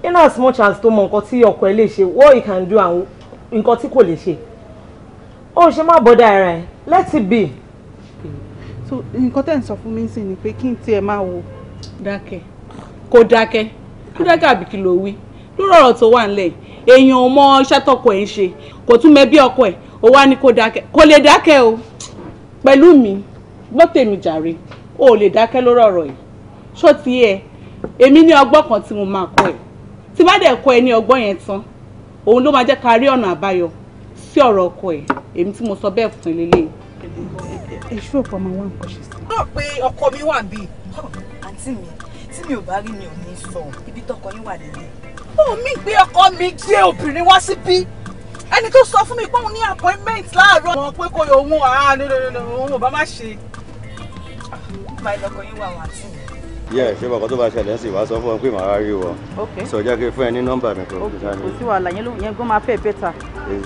in as much as tó mọ nǹkan tí ọkọ ẹ lè ṣe what you can do and nǹkan tí kò lè ṣe ó ṣe má bọ́dà ara ẹ̀ let it be. so nǹkan tẹ́ ń sọ fún mi sí ni pé kí n tiẹ̀ máa wo dákẹ́ kó dákẹ́ kó dákẹ́ àbí kí ló wí lórí ọ̀rọ̀ tó wà nílẹ̀ èèyàn ò mọ iṣẹ́ tọkọ ẹ̀ ń ṣe kò tún mẹ́bí ọkọ ẹ̀ ó wá ní kó dákẹ́ kó lè dákẹ́ o pẹ̀lú mi gbọ́ tèmi jàre o ò lè dákẹ́ lórí ọ̀rọ̀ yìí ṣó ti yẹ èmi ní ọgbọ́n kan tí mo máa kọ ẹ̀ tí bá dẹ̀ kọ ẹ ní ọgbọ́n yẹn tán òun ló máa jẹ́ ká rí ọ̀nà àbáyọ sí ọ̀rọ̀ ọkọ ẹ̀ èmi tí mo sọ bẹ́ẹ̀ fún ẹ lélẹ́yìí. ẹ ṣú ọ̀pọ̀ máa wá nǹkan ṣe sí. ó rò pé ọkọ mi wà bí. àǹtí mi tí mi ò bá rí mi ò ní sọ ibi tọkọ yín wà lẹ́yìn. ó mi gbé ọkọ mi gbé obìnrin wá síbí ẹni tó sọ fún mi pé òun ní appointment láàárọ̀. wọn pé kò yọ òun ah, àá òun ò bá má ṣe. báyìí ah, lọkọ yín wà wá sí mi yẹ ṣé bàbá tó bá ṣẹlẹ̀ ń sì wá sọ Okay. ẹ pé màá rí wọ sọ jẹ́ Okay. fún ẹ ní nọ́mbà mi kò sí wàhálà yẹn gbọ́n máa fẹ́ bẹ́tà.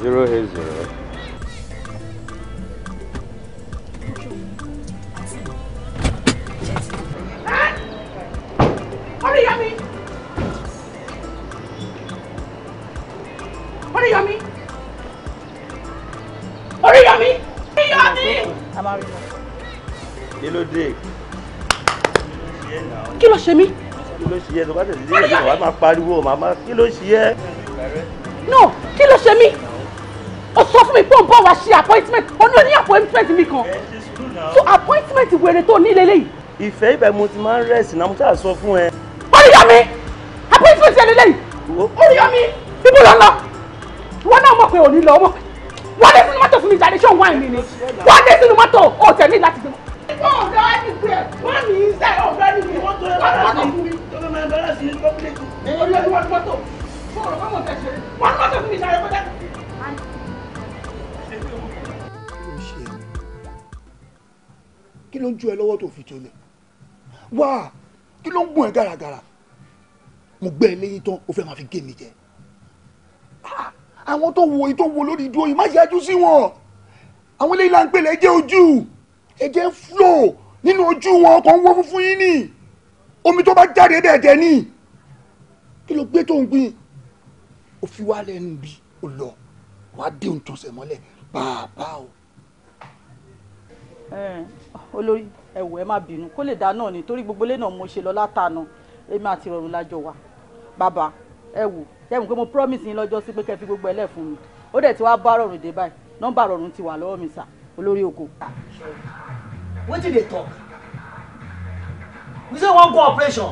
zero eight zero ṣe ẹ́ tó bá tẹ̀lé délé wàá máa pariwo màmá kí ló ṣe ẹ́. no kí ló ṣe mí ó sọ fún mi pé ó ń bọ̀ wá ṣe appointment ó ní oní appointment mi kan so appointment wèrè tó ní lélẹ́yìí. ìfẹ́ ibẹ̀ mo ti máa ń rẹ̀sì náà mo ṣáà sọ fún ẹ. Oríyọ̀mí appointment ẹ lélẹ́yìí Oríyọ̀mí ibo ló ń lọ wọn náà mọ̀ pé òní lọ mọ̀ wọ́n dé sínú mọ́tò fún mi jáde ṣé òun wá ìmì ni wọ́n dé sínú mọ́tò ó tẹ̀lé láti gbé. ọ̀dọ́ ẹni gbé ẹ̀ wọ́n mi ń sẹ́ ọ̀dọ́ ẹni gbé wọ́n tó ẹ máa bẹ̀rẹ̀ sí ní pọ́pílẹ̀tì orí ọdún wọn mọ́tò fọ́ọ̀rọ̀ fọ́ọ̀mọ̀ tẹ̀sẹ̀ wọn mọ́tò fún mi sáré pátá. kí ló ń ju ẹ lọ́wọ́ tó fi jọlẹ̀ wá kí ló ń gùn ẹ gàràgàrà mo gbẹ́ ẹ lẹ́yìn tán o fẹ́ máa fi gé mi jẹ àwọn tó wo èyí wo lórí ìdúró yìí má yájú sí wọn àwọn eléyìí là ń pè lẹ́jẹ̀ ojú ẹ̀jẹ̀ ń flow nínú ojú wọn ọkọ̀ ń wọ́ funfun yín nìyí omi tó bá jáde dẹ̀dẹ̀ ní kí ló gbé tó ń gbìn ó fi wá lẹ́nu bí ó lọ wàá dé ohun tó ṣe mọ́lẹ̀ bàbá o. olórí ẹ̀wọ̀ ẹ má bínú kó lè dá náà ni torí gbogbo ilé náà mo ṣe lọ látànà èmi àti ìrọ̀rùn lájọ wa bàbá ẹ wò jẹ́ mi pé mo promise yín lọ́jọ́ sí pé kẹ́ fi gbogbo ẹlẹ́ fún mi ó dẹ̀ ti wá bá rọrùn dé báyìí nọ́mbà rọrùn ti wà lọ́wọ́ mi sà olórí oko. wetin dey talk we say one go operation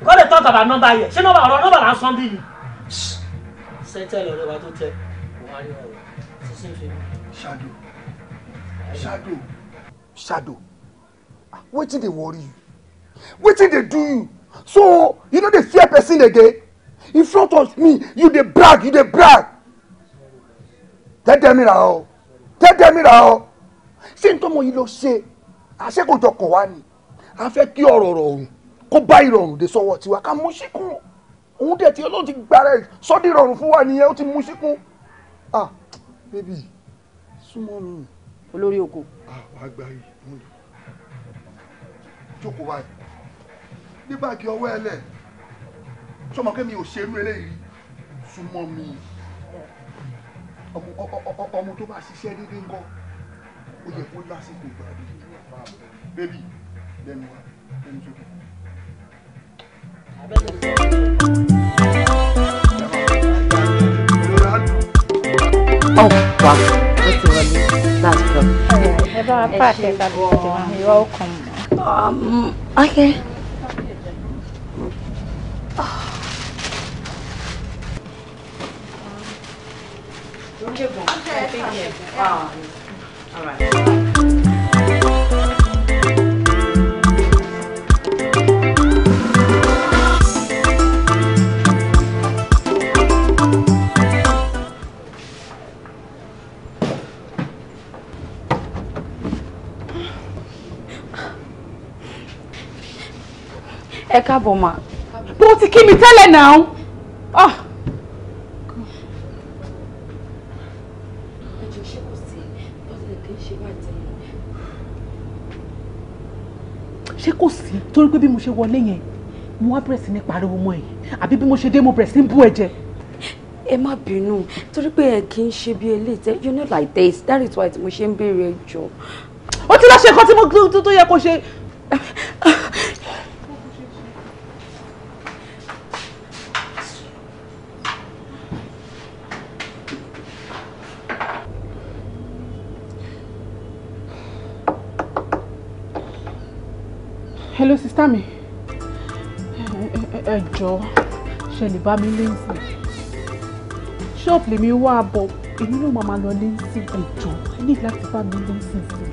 come dey talk about number here ṣé number our number na sunday yìí. ṣe tẹ́lẹ̀ ọ̀rẹ́ wa tó tẹ wọ́n á rí ọ̀rọ̀ sísè fi. shadow shadow shadow ah, wetin dey worry you wetin dey do you so you no dey fear person again in front of me you dey brag you dey brag tẹ́tẹ́ mi ra ọ tẹ́tẹ́ mi ra ọ ṣé n tó mọ yìí lọ ṣe àṣẹ kò wá ni a fẹ́ kí ọ̀rọ̀ ọ̀rọ̀ ọ̀hún kó bá ìrọ̀rùn dé sọ́wọ́ tiwa ká mú síkún òun dẹ̀ tí olóòtú gbára ẹ̀ sọ́dí ìrọ̀rùn fún wa nìyẹn ó ti mú síkún ah baby. súnmọ́ mi. olórí oko. àwọn àgbà yìí mo lò jókòó báyìí ní báàgì ọwọ́ ẹ lẹ̀ sọmọ kẹ́mi ò ṣerú eléyìí súnmọ́ mi ọmọ tó bá ṣiṣẹ́ déédéé ń kọ́ ó yẹ kó lásìkò gbàgbé bébì gbẹmí wá gbẹmí sókè. Oh, wow. That's lovely. That's good. Ẹ bá wa pàṣẹ tàbí tètè wá. You're welcome. Um, okay. Okay. okay. okay. okay. okay. okay. okay. okay. okay. ẹ káàbọ̀ mà bó ti kí mi tẹ́lẹ̀ náà ah. ṣé kò sí torí pé bí mo ṣe wọlé yẹn mo wá bẹ̀rẹ̀ sí ní pariwo mọ́ ẹ̀ àbí bí mo ṣe dé mo bẹ̀rẹ̀ sí ń bú ẹ jẹ. ẹ má bínú torí pé ẹ kì í you know like this that is why mo ṣe ń béèrè ẹjọ́. ó ti lọ ṣe nǹkan tí mo tó yẹ kó ṣe sister mi ẹ jọ̀ọ́ ṣe lè bá mi lẹ́sìn ṣọ́ọ̀bù lèmi wá bọ̀ èmi náà máa lọ lẹ́sìn ẹ jọ̀ọ́ ẹ ní láti bá mi lẹ́sìn sí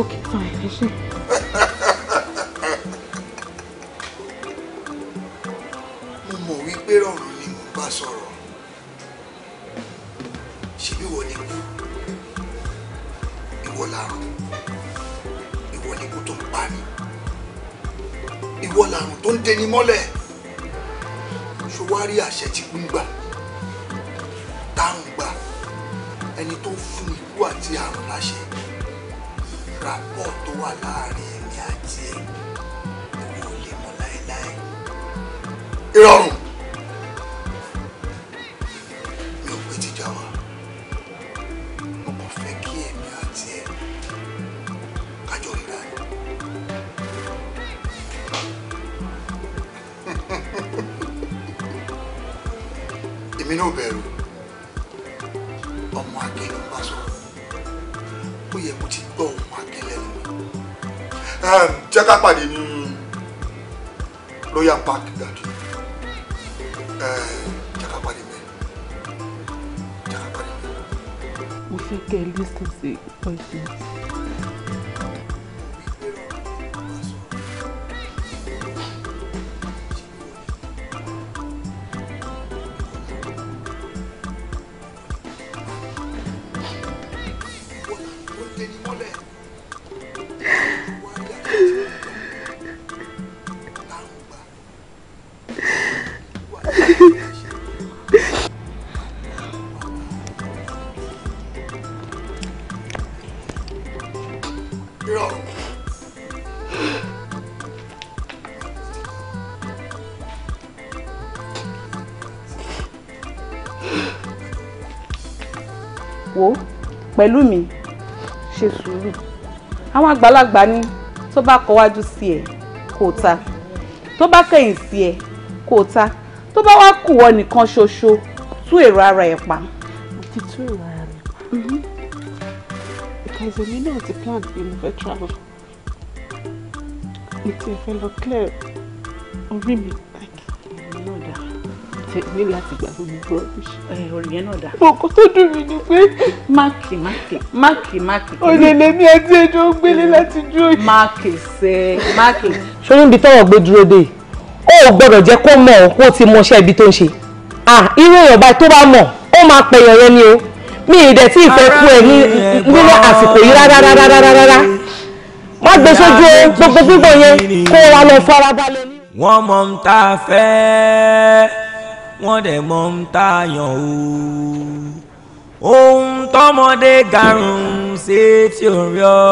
ok fine ẹ ṣe. mo mọ̀ wípé rọrùn ni mo bá sọ̀rọ̀ ṣebí wọ́n ní kú ìwọ làrùn ìwọ ní kú tó ń pa ni ìwọ làrùn tó ń deni mọ́lẹ̀ ṣòwárí àṣẹ tí kú ń gbà táwọn gbà ẹni tó fún ikú àti àrùn láṣẹ rapọ̀ tó wà láàrin èmi àti ẹ̀ ìwọ lè mọ̀ láéláé. ìrọ̀rùn. pẹ̀lú mi ṣe sùúrù àwọn àgbàlagbà ní tó bá kọwájú sí ẹ kó ta tó bá kẹ̀yìn sí ẹ kó ta tó bá wá kù wọ nìkan ṣoṣo tú èrò ara ẹ pa. mo ti tú èrò ara mi pa because èmi náà ti plan pé mo fẹ́ travel mo ti fẹ́ lọ clear orí mi ṣe ní láti gbà gbogbo rubbish. olùyẹn náà dà. bòkó tó dùn mí ni pé. máàkì máàkì máàkì máàkì. òlèlè mi àti ẹjọ́ gbélé mm. láti dúró. máàkì sẹ máàkì. sórí ibi tọrọ gbé dúró dé o ò gbọ́dọ̀ jẹ́ kó mọ̀ kó o ti mọṣẹ́ ibi tó ń ṣe irú èèyàn báyìí tó bá mọ̀ ó máa pẹ̀yàn yẹn ni o mi ì dẹ̀ tí ì fẹ́ kú ẹ̀ nínú àsìkò yìí rárá má gbé sójú o gbogbo gbígbọ̀n yẹn kó wa lọ farabalẹ̀. wọ́n mọ̀ ń ta fẹ́ẹ́ wọ́n dẹ̀ mọ́ ń tààyàn o ohun tọmọdé garùn-ún ṣe tí ò rí ọ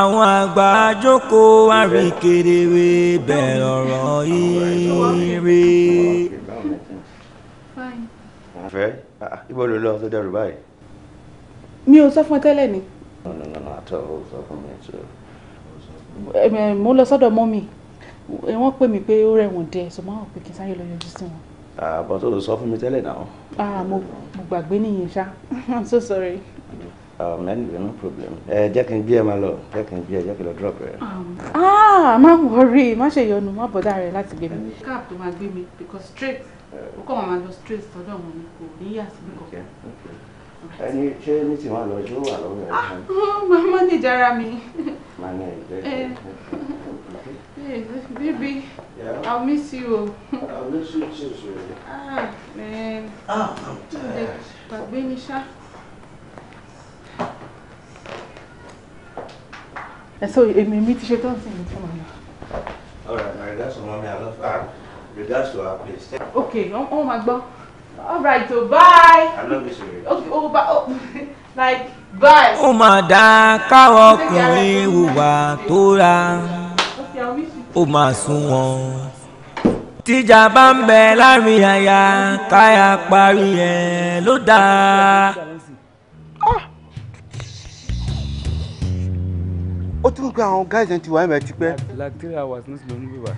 àwọn àgbà jókòó àríkèrèwé bẹ̀rẹ̀ ọ̀rọ̀ ire. àfẹ́ ah, ibo ló lọ tó dẹrù báyìí. mi ò sọ fún ẹ tẹ́lẹ̀ ni. no no no àtọ̀ ò sọ fún mi. mo lọ sọ́dọ̀ mọ́mì. Eh, wọ́n pè mí pé ó rẹ̀wọ̀n dẹ̀ so máa wọ̀ pé kí n sáré lọ yọjú sí wọn. àbọ̀ ah, tó sọ fún mi tẹ́lẹ̀ náà. ah mo mo gbàgbé nìyẹn ṣá [laughs] i'm so sorry. mẹ́rin um, no problem ẹ eh, jẹ́ kí n gbé ẹ máa lọ jẹ́ kí n gbé ẹ jẹ́ kí n lọ drop ẹ. Um, ah má wọrí má ṣe yọnu má bọ̀dá rẹ láti gbé mi. cap tó máa gbé mi because straight ó kọ́ máa lọ straight sọ́dọ̀ wọn ni kò ní yà sí nǹkan. ẹni ṣé ní tí wọn lọ ṣó wà lọ́wọ́ ẹ̀. Ah, [laughs] máa manage ara mi. manage ẹ eh. Hey, baby. Yeah? I'll miss you. I'll miss you too, sweetie. Ah, man. Ah, I'm tired. But baby, Sha. And so, you meet each other and sing for me. All right, Mary, that's what mommy I love. Uh, regards to our place. Okay, oh, oh my God. All right, so bye. I love you, sweetie. Okay, oh, but Oh, [laughs] like, bye. Ó mà dá káwọ́ ọkùnrin hùwà tó ra ó máa sún wọn. tíjà bá ń bẹ láàrin àyà káyà parí ẹ ló dáa. ó tún gba àwọn guys ẹ̀ ti wá ẹ̀mẹ̀ ti pẹ́. like three hours ní sùlọ́nù bíbá.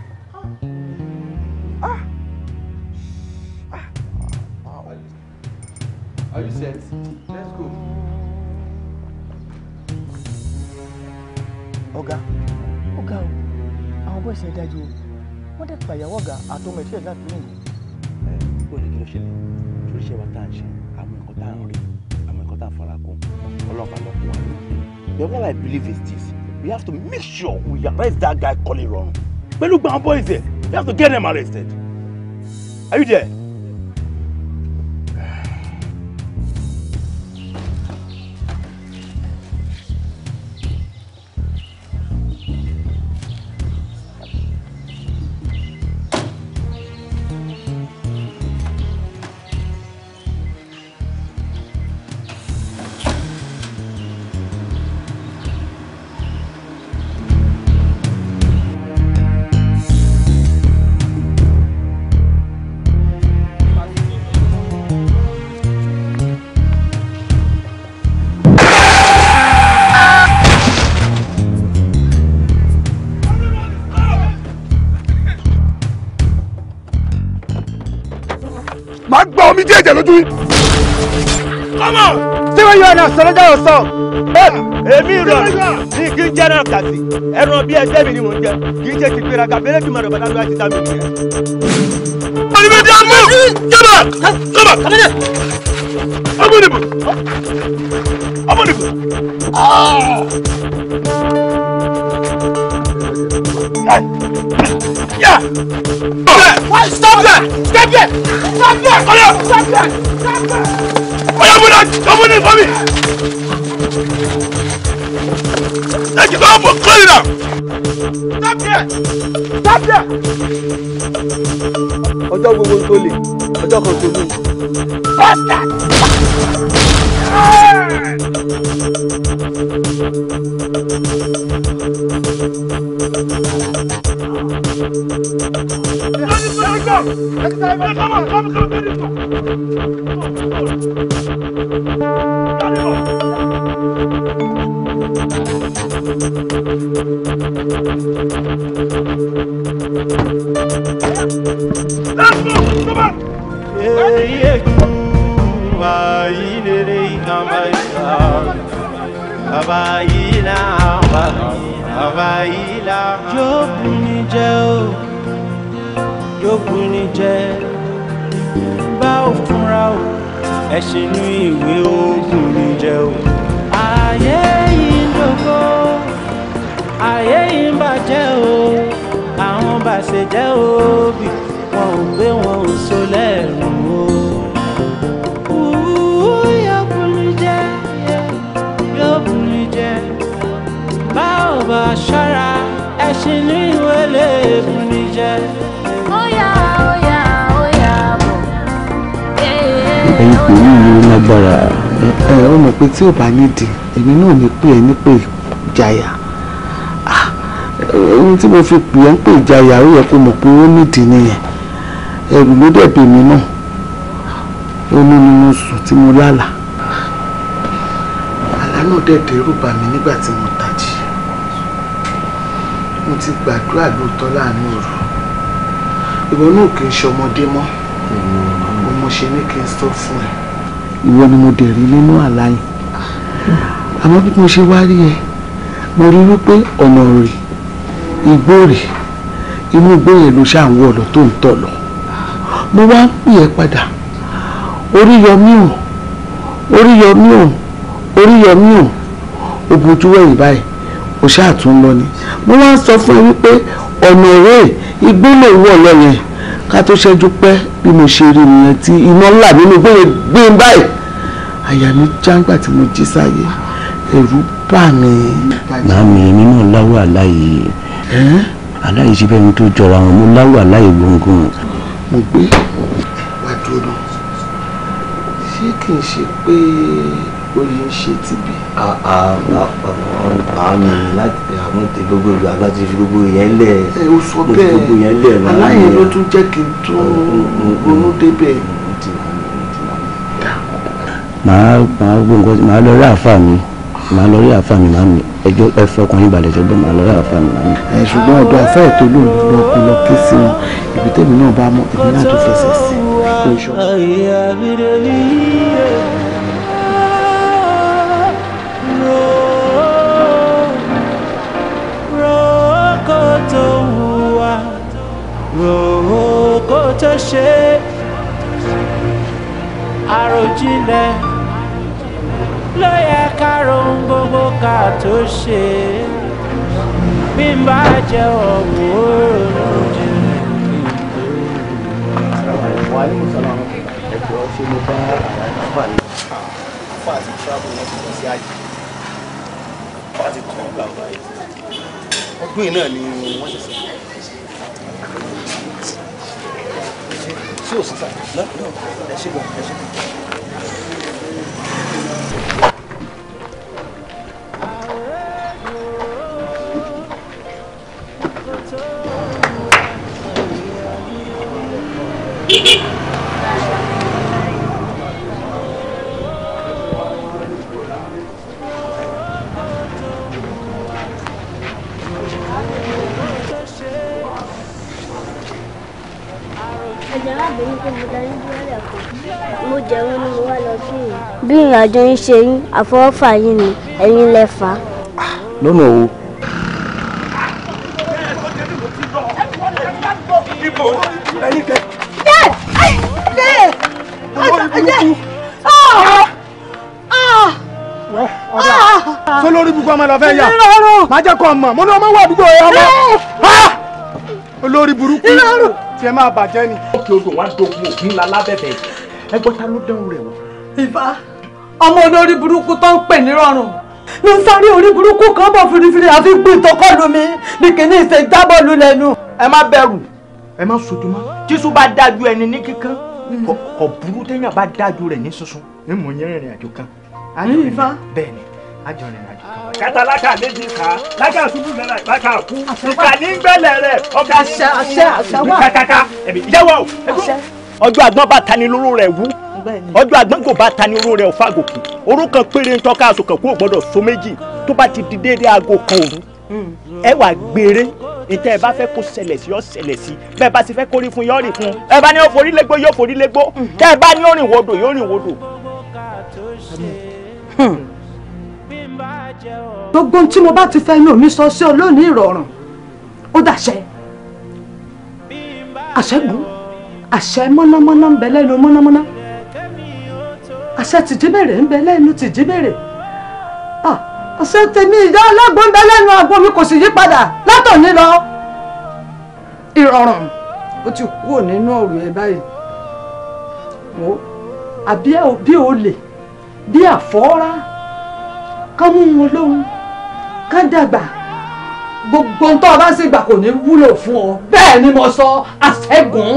Are you set? Let's go. Ọ̀gá. Ọ̀gá o àwọn bọ́ọ̀sì yẹn dájú o wọ́n dẹ̀ pàyàwó ọ̀gá àtọmọ ẹ̀fẹ́ láti lẹ́yìn. ẹ ó ní kí ló ṣẹlẹ̀ tó ṣe wa tá à ń ṣe àwọn nǹkan tá à ń rí àwọn nǹkan tá à ń fara kún ọlọ́pàá lọ fún wa ní. but what I believe is this we have to make sure we arrest that guy Kọ́lérọ̀rùn pẹ̀lú gbàǹbọ̀ ìzẹ̀ we have to get them arrested are you there. sọlọ́jà sọ èmi rọ ní kí n jẹ́ náà kàsí ẹran bí ẹgbẹ́ mi ni mò ń jẹ kì í ṣe ti gbéra gàbé lẹ́kì mọ̀rọ̀ bàtà lóyún àti sàmì nìyẹn. olùbẹ̀dẹ amú jọba jọba ọmọ nìbò ọmọ nìbò. Yeah! Stop there! Stop there! Stop that! Stop that! Stop that! open it! Open it for me! Take it off and clean it up! Stop there! Stop there! ọjọ́ gbogbo tó lè ọjọ́ kan tó dùn. Let's go! Come on! Yeah, yeah. Abayilere abayila abayila abayila. Jókun ni jẹ́ o, jókun ni jẹ́. Bá ò fúnra o, ẹ̀sìn inú ìwé ogun ni jẹ́ o. Ayé yìí ń dógó, ayé yìí ń bàjẹ́ o. Àwọn bàṣẹ jẹ́ òbí, wọn ò gbé wọn ò so lẹ́rù. ṣọ́ra ẹṣin ní ìwé lèèbù níjẹ́. óyá óyá óyá bọ̀. ẹ̀yin kò ní ìlú lágbára. ẹ ọ mọ̀ pé tí ò bá nídìí èmi náà ní pè é ní pè jaya ohun tí mo fi pè é ń pè jaya ó yẹ kó mọ̀ pé ó nídìí nìyẹn ẹrù ló dẹ̀ bèmí náà ó ní ni sùn tí mo lálàá àlá náà dẹ̀ dẹ́rù bà mí nígbà tí mo ta mo ti gbàdúrà lóòótọ́ láàrin òru ìwọ náà kì í ṣọmọdé mọ́ mo mo ṣe ní kí n sọ fún ẹ. ìwọ ni mo dẹ̀ rí nínú àlá yìí àmọ́ bí mo ṣe wá rí ẹ mo rí wípé ọ̀nà rè igbó rè inú igbó yẹn ló ṣáà ń tó ń tọ̀ lọ mo wá ń pè ẹ́ padà orí yọmí o orí yọmí o orí yọmí o ògùn tó wẹ̀yìn báyìí o ṣáà tún lọ ni mo wá ń sọ fún ẹ wípé ọ̀nà ọ̀rẹ́ igbó lè wọ̀ lọ́rẹ̀ ká tó ṣẹ́jú pẹ́ bí mo ṣe rí nìyẹn tí iná ńlá nínú gbé gbé báyìí àyà mi jágbà tí mo jí sáyé ẹ̀rù bà mí. màámi èmi náà láwọ àláyé àláyé ṣe bẹ́ẹ̀ ni tó jọra wọn mo láwọ àláyé gbọ̀ngàn. mo gbé wàá dúró ṣé kì í ṣe pé ó lè ń ṣe tìbí. àmì àwọn ètè gbogbo ìlú àgbájú fi gbogbo yẹn lẹ̀. ẹ o sọ bẹ́ẹ̀ gbogbo ló tún jẹ́ kí n tún ronú débẹ̀. màá màá gbọ́ nǹkan màá lọ rí àáfàá mi màá lọ rí àáfàá mi màá mi ẹjọ́ ẹ fọkàn yín balẹ̀ ṣùgbọ́n màá lọ rí àáfàá mi màá mi. ẹ ṣùgbọ́n ọ̀dọ̀ àfẹ́ ètò ló lọ kó lọ ké sí wọn ibi náà bá mọ èmi náà tó fẹsẹ̀ sí i. ṣe àròjinlẹ̀ ló yẹ ká rohun gbogbo ká tó ṣe bí n bá jẹ ọ̀bùn òòrùn jinlẹ̀ náà ni wọ́n ṣẹ̀ṣẹ̀ 六十块，来，来，来，下一个，下一 mo jẹun ni mo wá lọ kí yín. bí ìrìn yín ṣe yín àfọwọ́fà yín ni ẹ̀yin lẹ fà lọ́nà o. sọlórí bukú ọmọ lọ fẹ́ yà má jẹ́ kó ọmọ mo ní ọmọ wà àdúgbò ọmọ olórí burúkú tiẹ̀ máa bàjẹ́ ni òkè odò wọn dogun òkun la lábẹ́bẹ̀ ẹ gbọ́ ta ló dánwò rẹ̀ wọ. ìfà ọmọ olórí burúkú tó ń pè ní rọrùn ló ń sáré orí burúkú kan bọ̀ firifiri àfi gbé ìtọ́kọ́lu mi ní kíní ìṣe jábọ̀lù lẹ́nu. ẹ má bẹ̀rù ẹ má sojú mọ́ tíṣú bá dájú ẹni ní kíkan kò burú téèyàn bá dájú rẹ̀ ní sunsun ní mò ń yẹn àjò kan. àní ìfà bẹ́ẹ̀ katalaka méjì ká lága ṣubú lọ́la ìbáka kú ìkà ní gbẹ̀lẹ̀ rẹ̀ ọkà kàkàkà ẹ̀mí yẹwọ́ ọjọ́ àgbọn bá tani lóró rẹ̀ wú ọjọ́ àgbọn kò bá tani lóró rẹ̀ ọ̀fà gòkè oró kan péré ń tọ́ka àsòkàn kó o gbọ́dọ̀ so méjì tó bá ti di déédéé aago kan òru hmm. ẹ wà gbére ìtẹ́ ẹ bá fẹ́ kó ṣẹlẹ̀ sí yọ ṣẹlẹ̀ sí bẹ́ẹ̀ bá ti fẹ́ kórí fún yọ fún ẹ bá ní ó forí légbó yóò forí légbó hmm. tẹ́ ẹ bá ní ó rìn wodò yóò rìn wodò. Hmm gbogbo ohun tí mo bá ti fẹ́ inú mi sọ sí ọ lónìí ìrọ̀rùn ó dàṣẹ àṣẹgun àṣẹ mọ́nàmọ́ná ń bẹ lẹ́nu mọ́nàmọ́ná àṣẹ tìjíbèrè ń bẹ lẹ́nu tìjíbèrè àṣẹ tèmi ìyá ọlọ́gbọ́n ń bẹ lẹ́nu àgbo mi kò sì yí padà látòní lọ ìrọ̀rùn ó ti kúrò nínú ọ̀rọ̀ ẹ báyìí wo àbí bí olè bí àfọ́rá ká mú wọn lóhun ká dàgbà gbogbo ń tọ́ ọ bá ṣe gbà kò ní wúlò fún ọ bẹ́ẹ̀ ni mo sọ àṣẹgùn.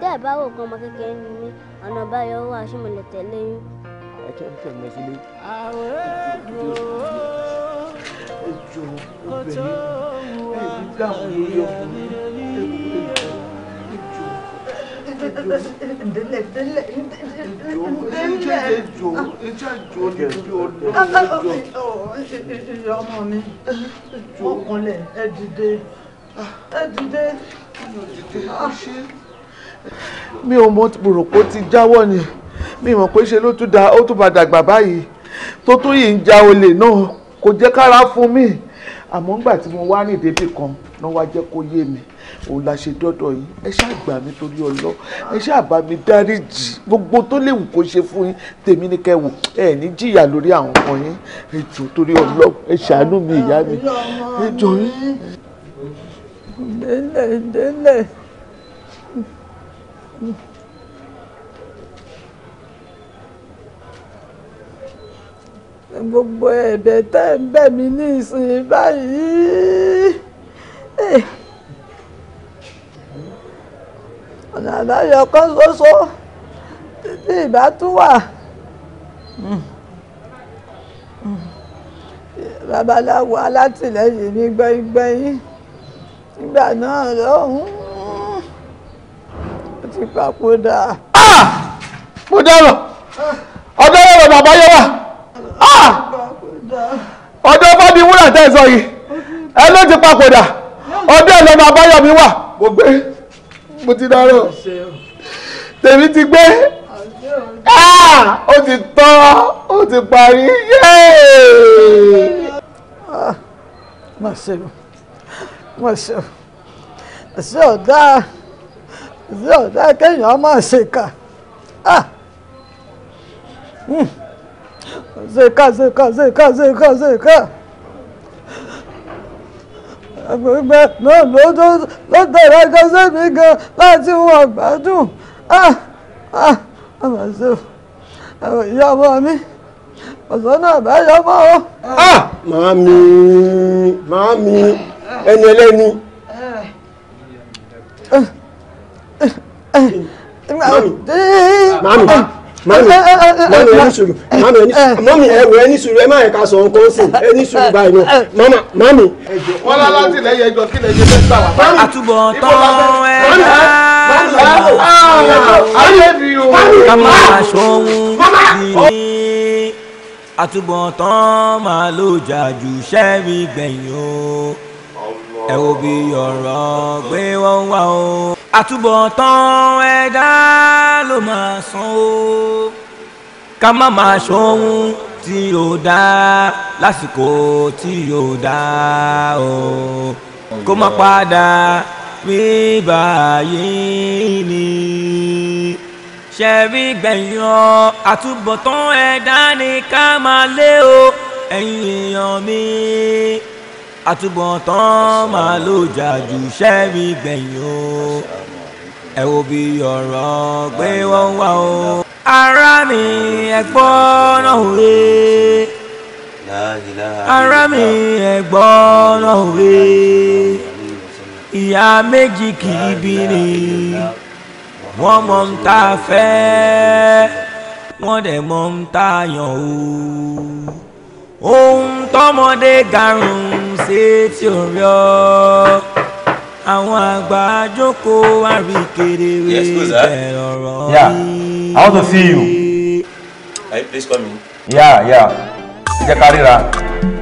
tẹ́ ẹ kan ọmọ kékeré ni mí ọ̀nà báyọ̀ wà ṣé mo lè tẹ̀lé yín. ẹ jẹ́ ń tẹ̀lé sílé. ẹ jọ obìnrin ẹ ní dáhùn lórí ọkùnrin ọmọ mi ọkùnrin ẹ dìde ẹ dìde mi ò mọ rò pé ó ti jáwọ́ ni mi mọ̀ pé ṣe ló tún da ó tún padà gbà báyìí tó tún yìí ń ja olè náà kò jẹ́ kára fún mi àmọ́ ńgbà tí mo wá ní ìdébì kan náà wá jẹ́ kó yé mi òun la ṣe dọ́dọ̀ yìí ẹ ṣáà gbà mí torí ọlọ́ ẹ ṣáà bá mi dáríjì gbogbo tó léwu kó ṣe fún yín tèmi ní kẹwù ẹ ní jìyà lórí àwọn ọmọ yín ẹ torí ọlọ́ ẹ ṣàánú mi ìyá mi ẹ yín. délẹ̀ délẹ̀. gbogbo ẹ̀bẹ̀ tẹ́ ń bẹ̀ mí ní ìsìn báyìí eh. ọ̀nà àbáyọ kan ṣoṣo títí ìbá tún wà hmm. Hmm. babaláwo alátìlẹ́yìn mi gbẹ́yìngbẹ́yìn nígbà náà lọ́hùn-ún ó ti papòdà. Ah! ọ̀dọ́ ah. ọ̀rọ̀ bàbá yẹn wà. Ah! ọjọ́ bá di wúrà tẹ́ ẹ sọ yìí ẹ ló ti papòdà ọdún ẹ̀ lọ́mọ abáyọ̀mí wà mo gbé mo ti dárò tèmi ti gbé ah! ó ti tán ó ti parí má ṣe o má ṣe o ṣe ọ̀dà ṣe ọ̀dà kéèyàn má ṣe kà. 嗯。Mm. Ah! zèka zèka zèka zèka zèka àgbègbè náà ló tó ló mi gan láti wọn àgbàdùn ah ah àmàṣe àwọn ìyá ọmọ mi ọ̀sánà àbáyọ ọmọ o. ah màámi màámi ẹni ẹlẹ́ni. màámi màámi mami eh, eh, eh, mami ẹni sùúrù mami ẹni sùúrù mami ẹwẹ ẹni sùúrù ẹ má yẹ ká sọ nǹkan sí ẹni sùúrù báyìí náà mama mami. wọn lọ láti lẹ́yìn ẹjọ́ kí lẹ́yìn ẹjọ́ gbà wá. àtúbọ̀ tán ẹ dá. ká máa ṣohun sí àtúbọ̀ tán máa lò jàjù sẹ́ẹ̀rì gbẹ̀yìn o ẹ wo bí ọ̀rọ̀ gbé wọ́n wá o àtúbọ̀tán ẹ̀dá ló máa san o ká má máa ṣohun tí yóò dá lásìkò tí yóò dá o kó má padà rí báyìí ni ṣẹ̀rí gbẹ̀yàn àtúbọ̀tán ẹ̀dá ni ká máa lé o ẹ̀yin èèyàn mi àtúbọ̀tán máa lò jà jù sẹ́ẹ̀rì gbẹ̀yìn o ẹ wo bí ọ̀rọ̀ pé wọ́n wá o. ara mi ẹ gbọ́ náà wé ara mi ẹ gbọ́ náà wé ìyá méjì kì í bí ni wọ́n mọ̀ ń ta fẹ́ wọ́n dẹ̀ mọ̀ ń ta yàn o ohun tọmọdé garun ṣe tí ò rí ọ àwọn àgbà jókòó àrí kedere bẹ̀rẹ̀ ọ̀rọ̀ yìí. I want to see you. Are you please coming? Yeah, yeah. Jẹ́ ká ríra.